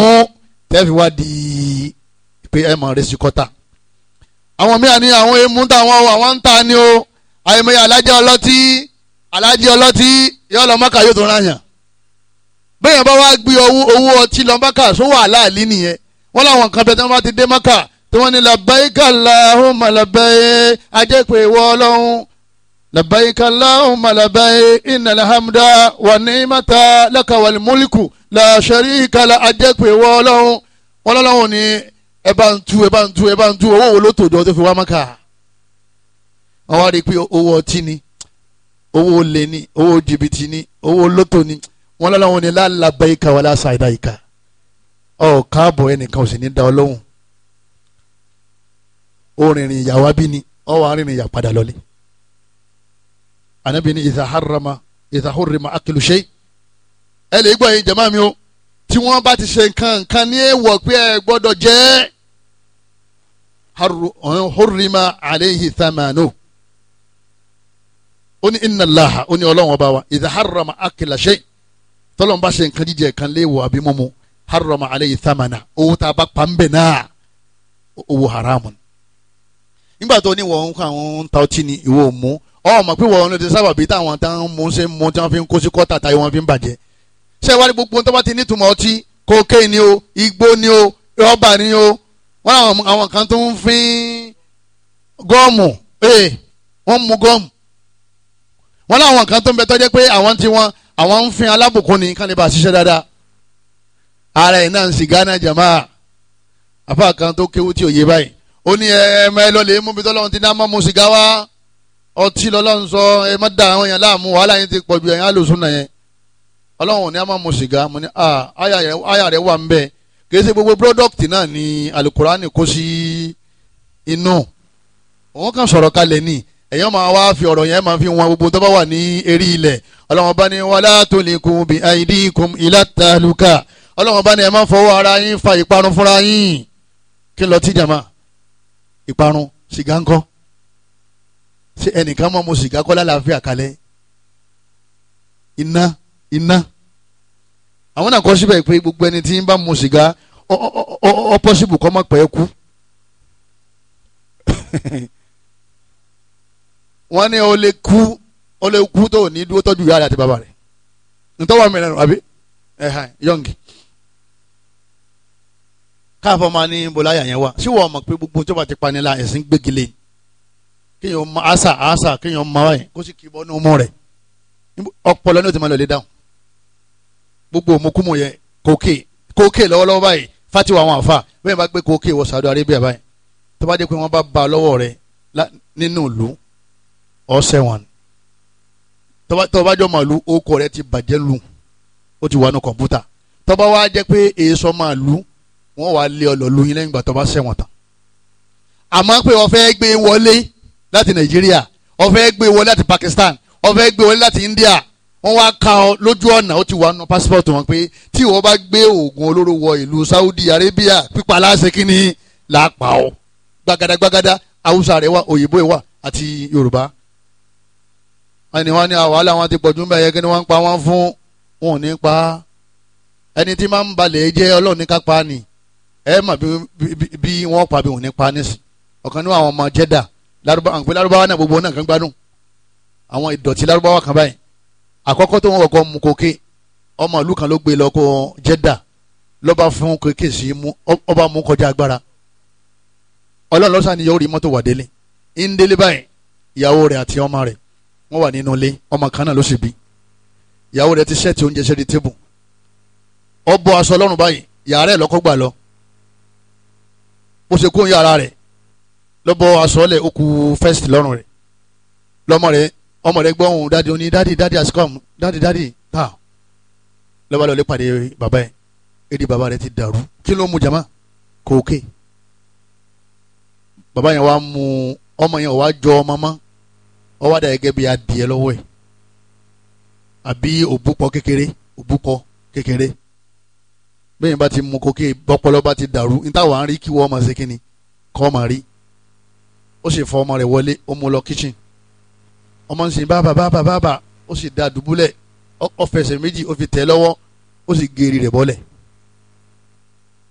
tẹ́ẹ̀ di pé ẹ mọ̀ resi kọ́ta àwọn míì àní àwọn emu táwọn àwọn ń ta ni o àìmọye alájẹ ọlọ́tí alájẹ ọlọ́tí yọ lọ mọ́kà yóò tó ràn yàn bẹ́ẹ̀ bá wá gbé owó owó ọtí lọ mọ́kà sówó àlàálí nìyẹn wọ́n láwọn kan bẹ́ẹ̀ tí wọ́n bá ti dé mọ́kà tí wọ́n ní labbaika Allahumma labbaik ajẹ́pẹ̀ ìwọ ọlọ́run labbaika Allahumma labbaik innal hamda wa ni'mata laka wal mulku la sharika la ajẹ́pẹ̀ ìwọ ọlọ́run ọlọ́run ní ẹ bá ń tú ẹ bá ń tú ẹ bá ń tú owó wo ló tòjọ tó fi wá mọ́kà wọ́n wá rí i pé owó ọtí ni owó olè ni owó jìbìtì ni owó lótò ni wọ́n lọ́la wọn ni lálàbẹ́ ìka wà lásà ìdá ìka ọ̀ káàbọ̀ ẹnìkan ò sì ní da ọ lóhùn ìyàwó bí ni ọ wà rìnrìn ìyà padà lọ́lé ànábì ni ìsàhárama ìsàhórìmà àkìlùṣe ẹ lè gbọ́ yín jàmáà mi o tí wọ́n bá ti ṣe nǹkan nǹkan ní èèwọ̀ pé ẹ gbọ́dọ̀ jẹ́ ẹ́ hurrima alayhi thamanu ó ní inna Allaha ó ní ọlọ́run ọba wa idha harrama akla shay tọ́lọ́n bá ṣe nǹkan jíjẹ kan léèwọ̀ àbí mímu harrama alayhi thamana owó tá a bá pa ń bẹ̀ náà owó haramu nígbà tó ní wọ́n ń kọ́ àwọn ń ta ọtí ni ìwọ ò mú ọ mọ̀ pé wọ́n ń ti sábà bí táwọn tá ń mú ṣe mú tí wọ́n fi ń kó sí kọ́tà táyé wọ́n fi ń bàjẹ́ ṣé wàá rí gbogbo tó bá ti nítumọ̀ ọtí kókéènì o igbó ni o rọ́bà ni o wọ́n àwọn kan tó ń fín gọ́ọ̀mù ee eh, wọ́n mu gọ́ọ̀mù wọ́n láwọn kan tó ń bẹ tọ́jẹ́ pé àwọn tí wọ́n àwọn ń fín alábùkún ní kán lè bá ṣiṣẹ́ dáadáa ara ẹ̀ náà ń sì gánà jàmáà àfa kan tó kéwú tí ò báyìí ó ní ẹ ẹ mú bí tọ́lọ́run ti dá má mu sìgá wá ọtí lọ́lọ́run sọ ẹ má da àwọn yẹn láàmú wàhálà yẹn ti pọ̀ ju ẹ̀yìn àlòsùn náà yẹn ọlọ́run ò ní á má mu sìgá mo ní àyà rẹ̀ wà ń bẹ́ẹ̀ kì í ṣe gbogbo product náà ni alukurani kó sí inú òun kàn sọ̀rọ̀ kalẹ̀ ni èyàn máa wá fi ọ̀rọ̀ yẹn máa fi wọn gbogbo tó bá wà ní eré ilẹ̀ ọlọ́run bá ní wala tulikum bi aidikum ila taluka ọlọ́run bá ní ẹ má fọwọ́ ara yín fa ìparun fúnra yín kí lọ tí jàmá ìparun sìgá ńkọ́ ṣé ẹnìkan mọ́ mo sìgá kọ́ lálàáfíà kalẹ̀ iná iná àwọn náà kọ síbẹ̀ pé gbogbo ẹni tí ń bá mu sìgá ọ pọ́sibù kọ́ mọ̀ pẹ́ kú. wọ́n ní o kú o lè kú tó ní dúró tọ́jú ìyá rẹ̀ àti bàbá rẹ̀ ntọ́wọ́ mi lẹ́nu àbí yọ̀ǹgì. káfọ́ máa ní bọ́láyà yẹn wá sí wọ́n mọ̀ pé gbogbo tó bá ti pa ni la ẹ̀sìn gbégilé kéèyàn ma àṣà àṣà kéèyàn ma wáyé kó sì kí bọ́ ní ọmọ rẹ̀ ọpọlọ ní o ti máa lọ lé dáhùn gbogbo òmùkúmù yẹn kòkè kòkè lọ́wọ́lọ́wọ́ báyìí fatiwa àwọn àfa bẹ́ẹ̀ bá gbé kòkè wọ Saudi Arabia báyìí tó bá dé pé wọ́n bá ba lọ́wọ́ rẹ nínú ìlú ọ̀sẹ̀ wọn tó bá jọ màlúù ó kọ rẹ ti bàjẹ́ lu ó ti wà nù kọ̀ǹpútà tó bá wá jẹ́ pé èso màlúù wọ́n wá lé ọlọ́ lu yín lẹ́yìn ìgbà tó bá ṣẹ̀wọ̀n tán àmọ́ pé wọ́n fẹ́ gbé wọlé láti Nàìjíríà wọ́n fẹ́ gbé wọlé láti Pakistan wọ́n fẹ́ gbé wọlé láti India wọ́n wá ka ọ lójú ọ̀nà ó ti wà nù pásítọ̀tù wọn pé tí ìwọ bá gbé oògùn olóró wọ ìlú Saudi Arabia pípa láṣẹ kínní là á pa ọ gbagada gbagada haúsá rẹ wà òyìnbó rẹ wà àti Yorùbá ẹni wọn ní wàhálà wọn ti pọ̀jù mbẹ́ yẹ kí ni wọ́n ń pa wọ́n fún wọn ò ní pa ẹni tí máa ń balẹ̀ jẹ́ Ọlọ́run ní ni ẹ mà bí wọ́n pa bí wọn ò ní pa nísìn ọ̀kan nínú àwọn ọmọ jẹ́dà àwọn ìdọ̀tí lárúbáwá kan báyìí àkọ́kọ́ tó wọ́n kọ́kọ́ mu koke ọmọ ìlú kan ló gbé lọ kó jẹ́dà lọ́ba fún kéèké sí mú ọba mú kọjá agbára ọlọ́run lọ́sàn ni yóò rí mọ́tò wà délé ń délé báyìí ìyàwó rẹ̀ àti ọmọ rẹ̀ wọ́n wà nínú ilé ọmọ kan náà ló sì bí ìyàwó rẹ̀ ti sẹ́ẹ̀tì oúnjẹ sẹ́ẹ̀dì tébù ọ aṣọ ọlọ́run báyìí yàrá ẹ̀ lọ́kọ́ gbà lọ bó ṣe kó yàrá rẹ̀ lọ́bọ aṣọ ọlẹ̀ ó ku fẹ́st lọ́rùn rẹ̀ lọ́mọ rẹ̀ ọmọ rẹ gbọ́ ohun dáàdi oní dáàdi dáàdi has come dáàdi dáàdi ta lọ́ba lọ́lẹ́ pàdé bàbá yẹn èdè bàbá rẹ ti dàrú kí ló mu jama kòókè bàbá yẹn wá mu ọmọ yẹn wá jọ ọmọ mọ́ ọ wá dà gẹ́gẹ́ bí adìẹ lọ́wọ́ ẹ̀ àbí òbúkọ kékeré òbúkọ kékeré bẹ́ẹ̀ bá ti mu kókè bọ́pọlọ bá ti dàrú níta wàá rí kí wọ́n máa ṣe kí ni kọ́ máa rí ó sì fọ ọmọ rẹ̀ wọlé ó mu lọ kíchìn ọmọ ń sin bàbà bàbà bàbà ó sì da dùbúlẹ̀ ó fẹsẹ̀ méjì ó fi tẹ̀ lọ́wọ́ ó sì gèrè rẹ̀ bọ́lẹ̀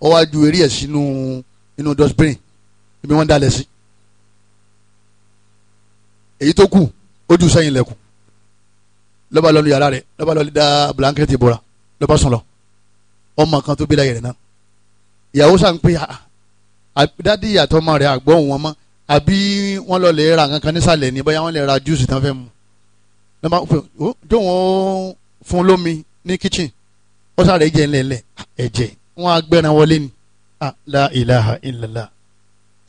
ó wá ju eré ẹ̀ sínú inú dustbin ibi wọ́n dalẹ̀ sí èyí tó kù ó jù sẹ́yìn lẹ́kùn lọ́ba lọ́nu yàrá rẹ̀ lọ́ba lọ́nu da blanketi bora lọ́ba sùn lọ ọmọ kan tó bí láyẹ̀rẹ̀ náà ìyàwó sàn pé ah, ah, ah, dádì ìyàtọ̀ ọmọ rẹ̀ àgbọ̀ òun ọmọ àbí wọ́n lọ lè ra nǹkan kan nísàlẹ̀ ní bóyá wọ́n lè ra júùsì tán fẹ́ mu lọ́mọ jó wọn fún lómi ní kitchen ó sáré jẹ ńlẹ̀ńlẹ̀ ah, ẹ̀jẹ̀ wọn á gbẹ́ran wọlé ni ah, la ilaha illallah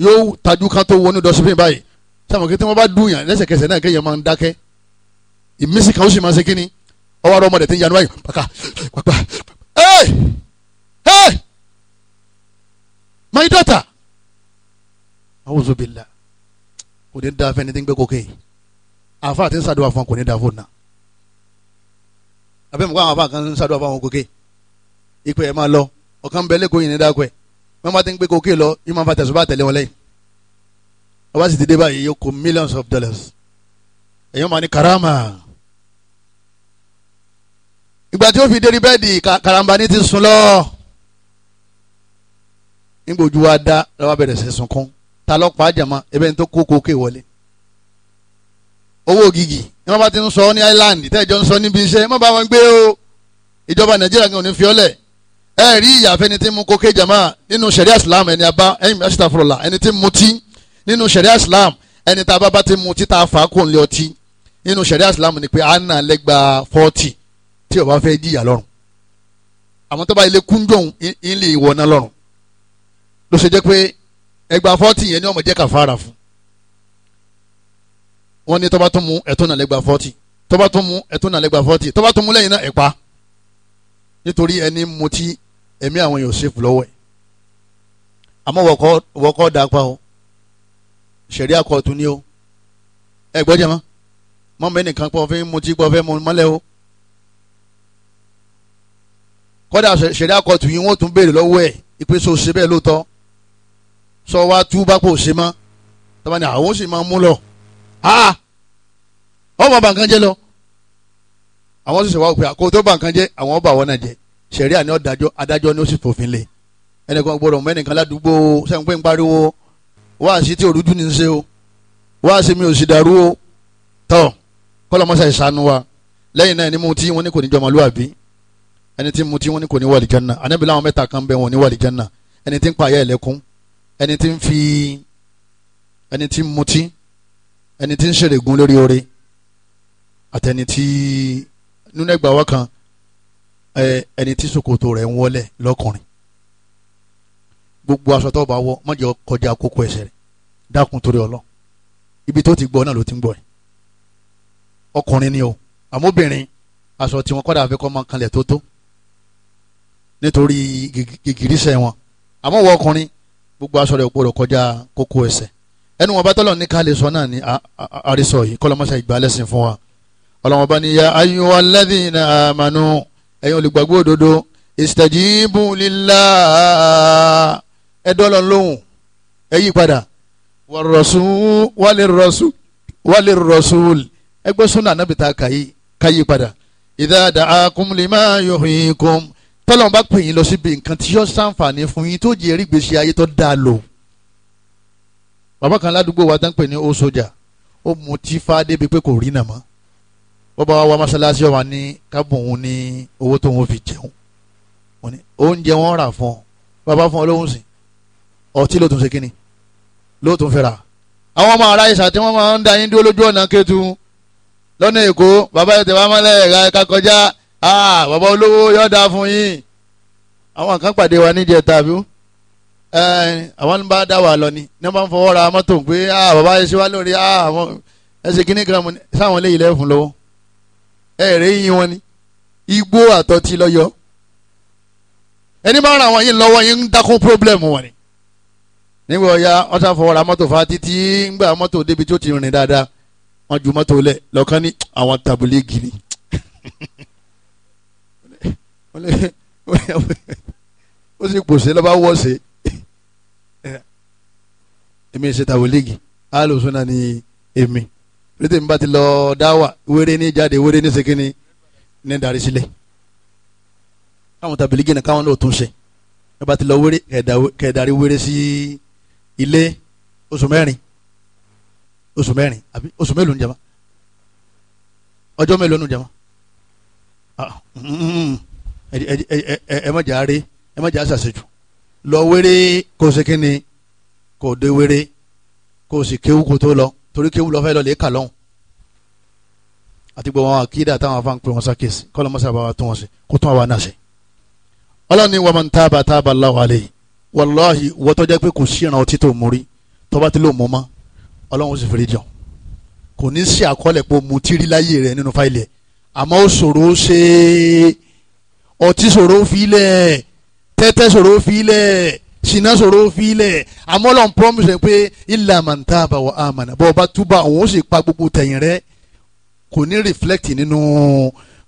yóò tajú kan tó wọnú dọ́sípìn báyìí sàmùkí tí wọ́n bá dùn yàn lẹ́sẹ̀kẹsẹ̀ náà kéèyàn máa ń dákẹ́ ìmísí kan ó sì máa ṣe kíni ọwọ́ àrọ́ ọmọdé tí ń yanu báyìí pàkà pàkà hey hey my daughter a'udhu billah kò ní da fẹ́ni tí ń gbé kókè yìí àfa àti sàdúrà fún wa kò ní da fún náà àbẹ́mi kó àwọn afa kan ń sàdúrà fún àwọn kókè ìpè ẹ̀ máa lọ ọ̀kan bẹ lẹ́kọ̀ọ́ yìí ní dákọ̀ ẹ̀ wọ́n bá ti ń gbé kókè lọ yìí máa fa tẹ̀sùn bá tẹ̀lé wọn lẹ́yìn ọba sì ti dé báyìí yóò kó millions of dollars èèyàn máa ní karama ìgbà tí ó fi dérí bẹ́ẹ̀dì karamba ní ti sùn lọ nígbà ojú wa dá lọ́wọ́ bẹ̀rẹ̀ sí sunkún ta lọ pa jama ebe n tó kó kókè wọlé owó gigi ní wọn bá ti ń sọ ní island tẹ́jọ́ ń sọ níbi iṣẹ́ má bá wọn gbé o ìjọba nàìjíríà kan ò ní fi ọlẹ̀ ẹ rí ìyàfẹ́ ẹni tí ń mu kókè jama nínú sẹ̀ríà islam ẹni abá ẹni mẹ́sítà fúrọ̀là ẹni tí ń mutí nínú sẹ̀ríà islam ẹni tá a bá bá ti mutí tá a fà á kó ń lé ọtí nínú sẹ̀ríà islam ni pé a nà fọ́ọ̀tì tí o fẹ́ jìyà lọ́rùn àmọ́ tó bá ilé kúndùn ilé ìwọ náà ló ṣe jẹ́ pé ẹgbà fọ́tì yẹn ni ọmọ jẹ́ kàfàrà fún wọ́n ní tọ́ba tó mú ẹ̀tún náà lẹ́gbà fọ́tì tọ́ba tó mú ẹ̀tún náà lẹ́gbà fọ́tì tọ́ba tó mú lẹ́yìn náà ẹ̀pa nítorí ẹni mutí ẹ̀mí àwọn èèyàn ṣèfù lọ́wọ́ ẹ̀ àmọ́ wọ́kọ́ dàpá o ṣẹ̀rí àkọ́tù ni o ẹ gbọ́dọ̀ mọ́ mọ́ mi nìkan pọ̀ fẹ́ mutí pọ̀ fẹ́ mọ́lẹ́ o kọ́dà ṣẹ̀rí àkọ́tù yìí wọ́n tún béèrè lọ́wọ́ ẹ̀ ìpèsè òṣèbẹ́ lóòótọ́ sọ wá tú bá pò ṣe mọ́ tọ́ba ni àwọn ó sì máa mú lọ ọmọ bàǹkan jẹ lọ àwọn sì sèwà òpè àkó tó bàǹkan jẹ àwọn ọba àwọn náà jẹ sẹ̀ríà ni ọ̀dájọ́ adájọ́ ni ó sì fòfin lé ẹnìkan gbọ́dọ̀ mọ ẹnìkan ládùúgbò sẹ́yìn ń pariwo wáàsí tí òrùjú ni ń ṣe o wáàsí mi ò sì dàrú o tọ́ kọ́lọ́mọ́sá ìsanu wa lẹ́yìn náà ẹni mu tí wọ́n ní kò ní jọmọlúwàbí ẹni tí mu tí wọ́n ní kò ní wàlìjánná anábìlẹ̀ àwọn mẹ́ta kan bẹ wọn ní wàlìjánná ẹni tí ń pààyà ẹlẹ́kún ẹni ń fi ẹni tí ń mutí ẹni tí ń ṣèrègùn lórí oore àtẹni tí nínú ẹgbàá wa kan ẹni tí ṣòkòtò rẹ̀ ń wọlẹ̀ lọ́kùnrin gbogbo aṣọ tó bá wọ má jẹ́ kọjá kókó ẹsẹ̀ rẹ̀ dákun torí ọlọ́ ibi tó ti gbọ́ náà ló ti ń gbọ́ ẹ̀ ọkùnrin ni o àmóbìnrin aṣọ tí wọ́n kọ́dà àfikọ́ máa kanlẹ̀ tó tó nítorí gìgìrísẹ̀ wọn àmọ́ wọ ọkùnrin gbogbo aṣọ rẹ̀ gbọ́dọ̀ kọjá kókó ẹsẹ̀ ẹnu wọn bá tọ́lọ̀ ní ká lè sọ náà ní àrísọ yìí kọ́lọ́mọṣà ìgbàlẹ́sìn fún wa ọlọ́wọ́n bá ní ya ayyuhal ladhina amanu ẹ̀yin olùgbàgbọ́ òdodo istajibu lillah ẹ̀dọ́lọ́ lóhùn ẹ̀yí padà walir rasul ẹgbẹ́ súnà nàbìtà kàyí padà idha da'akum lima yuhyikum tọ́lọ́n bá pè yín lọ síbi nǹkan tí yóò ṣàǹfààní fún yín tó jẹ́ rígbèsè ayé tó dáa lò. bàbá kan ládùúgbò wa tán pè ní ó sójà ó mu tí fa débi pé kò rí nà mọ́ bọ́ba wa wá mọ́ṣáláṣí wa ní kábùn òun ní owó tóun fi jẹun oúnjẹ wọn rà fún ọ bàbá fún ọ sìn ọtí ló tún ṣe kínni ló tún fẹ́ ra. àwọn ọmọ ará ìṣà tí wọ́n máa ń da yín dúró lójú ọ̀nà kẹtù lọ́nà èkó bàbá ẹ̀ Ah, bàbá olówó yóò dáa fún yín àwọn kan pàdé wa nídìí ẹ̀ta àbí eh, àwọn bá dá wà lọ ni ní wọ́n fọwọ́ ra mọ́tò pé ah, bàbá ẹ ṣe wá lórí ah, àwọn ẹsẹ̀ kínní kan mu sáwọn lè ilẹ̀ fún lọ́wọ́ ẹ rẹ̀ yín wọn ni igbó àtọ́tí lọ́yọ́ ẹni bá ra àwọn yìí lọ́wọ́ yín ń dákún pírọ́blẹ̀mù wọn ni nígbà ọ̀ya wọ́n sá fọwọ́ ra mọ́tò fa títí ńgbà mọ́tò débi tó ti rìn dáadáa wọ́n ju mọ́tò lẹ̀ lọ́kàn ní àwọn tàbílì gírí. ó sì pòṣe lọ́ba wọ́ọ̀ṣe èmi ṣe tàwọn líìgì alùsùn náà ni èmi pété mi bá ti lọ dáwà wéré ní jáde wéré ní sekínì ní darí sílẹ̀ káwọn tàbí líìgì náà káwọn náà tún ṣe ẹ bá ti lọ wéré kẹ̀dárí wéré sí ilé oṣù mẹ́rin oṣù mẹ́rin àbí oṣù mélòó ń jama ọjọ́ mélòó ń jama. Ah, mm-hmm ẹ má jà rí ẹ má jà sàṣejù lọ wéré kó o ṣe kíni kó o dé wéré kó o sì kéwú kó o tó lọ torí kéwú lọ fẹ́ lọ lè kà lọ́hùn àti gbogbo àwọn àkídà táwọn afáàn pè wọn sákèsì kọ́lọ́ mọ́sá bá wa tún wọn sí kó tún àwa náà ṣe. ọlọ́ni wa máa ń tábà tábà Allahu alayhi wàláhì wọ́tọ́ jẹ́ pé kò sí ìran ọtí tó mú rí tọ́ba tí ló mú mọ́ ọlọ́run sì fèrè jọ kò ní sí àkọọ́lẹ̀ pé o mú tírí láyé rẹ nínú fáìlì ẹ̀ àmọ́ ó ṣòro ṣe é ọtí ṣòro filẹ̀ tẹ́tẹ́ ṣòro filẹ̀ ṣìnà ṣòro filẹ̀ àmọ́ lọ́n promise rẹ pé illa man taba wa amana bọ́ ọba túbà òun ó sì pa gbogbo tẹ̀yìn rẹ kò ní reflect nínú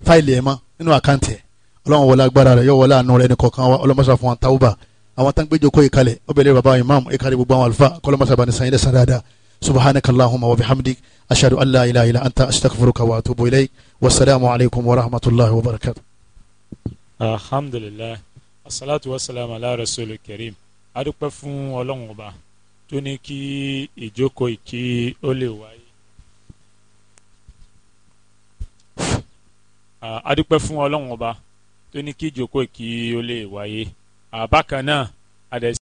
fáìlì ẹ̀ mọ́ nínú àkáǹtì ẹ̀ ọlọ́run wọlé agbára rẹ yọ wọlé àánú rẹ nìkọ̀ọ̀kan wa ọlọ́mọṣà fún wa tàwùbà àwọn tán gbẹjọ kọ́ ìkàlẹ̀ ọbẹ̀lẹ̀ baba imam ìkàlẹ̀ gbogbo àwọn alfa kọlọ́mọṣà bá ní sanyẹ́ subhanaka allahumma wa bihamdik ashhadu an ilaha illa anta astaghfiruka wa atubu ilayk wasalaamu alaykum wa rahmatulahi wa barakatuh alhamdulilayi asalaatu wasalaam ala rasuli karim adúpẹ́ fún ọlọ́run ọba tó ní kí ìjókòó ìkí ó lè wáyé. adúpẹ́ fún ọlọ́run ọba tó ní kí ìjókòó ìkí ó lè wáyé. bákan náà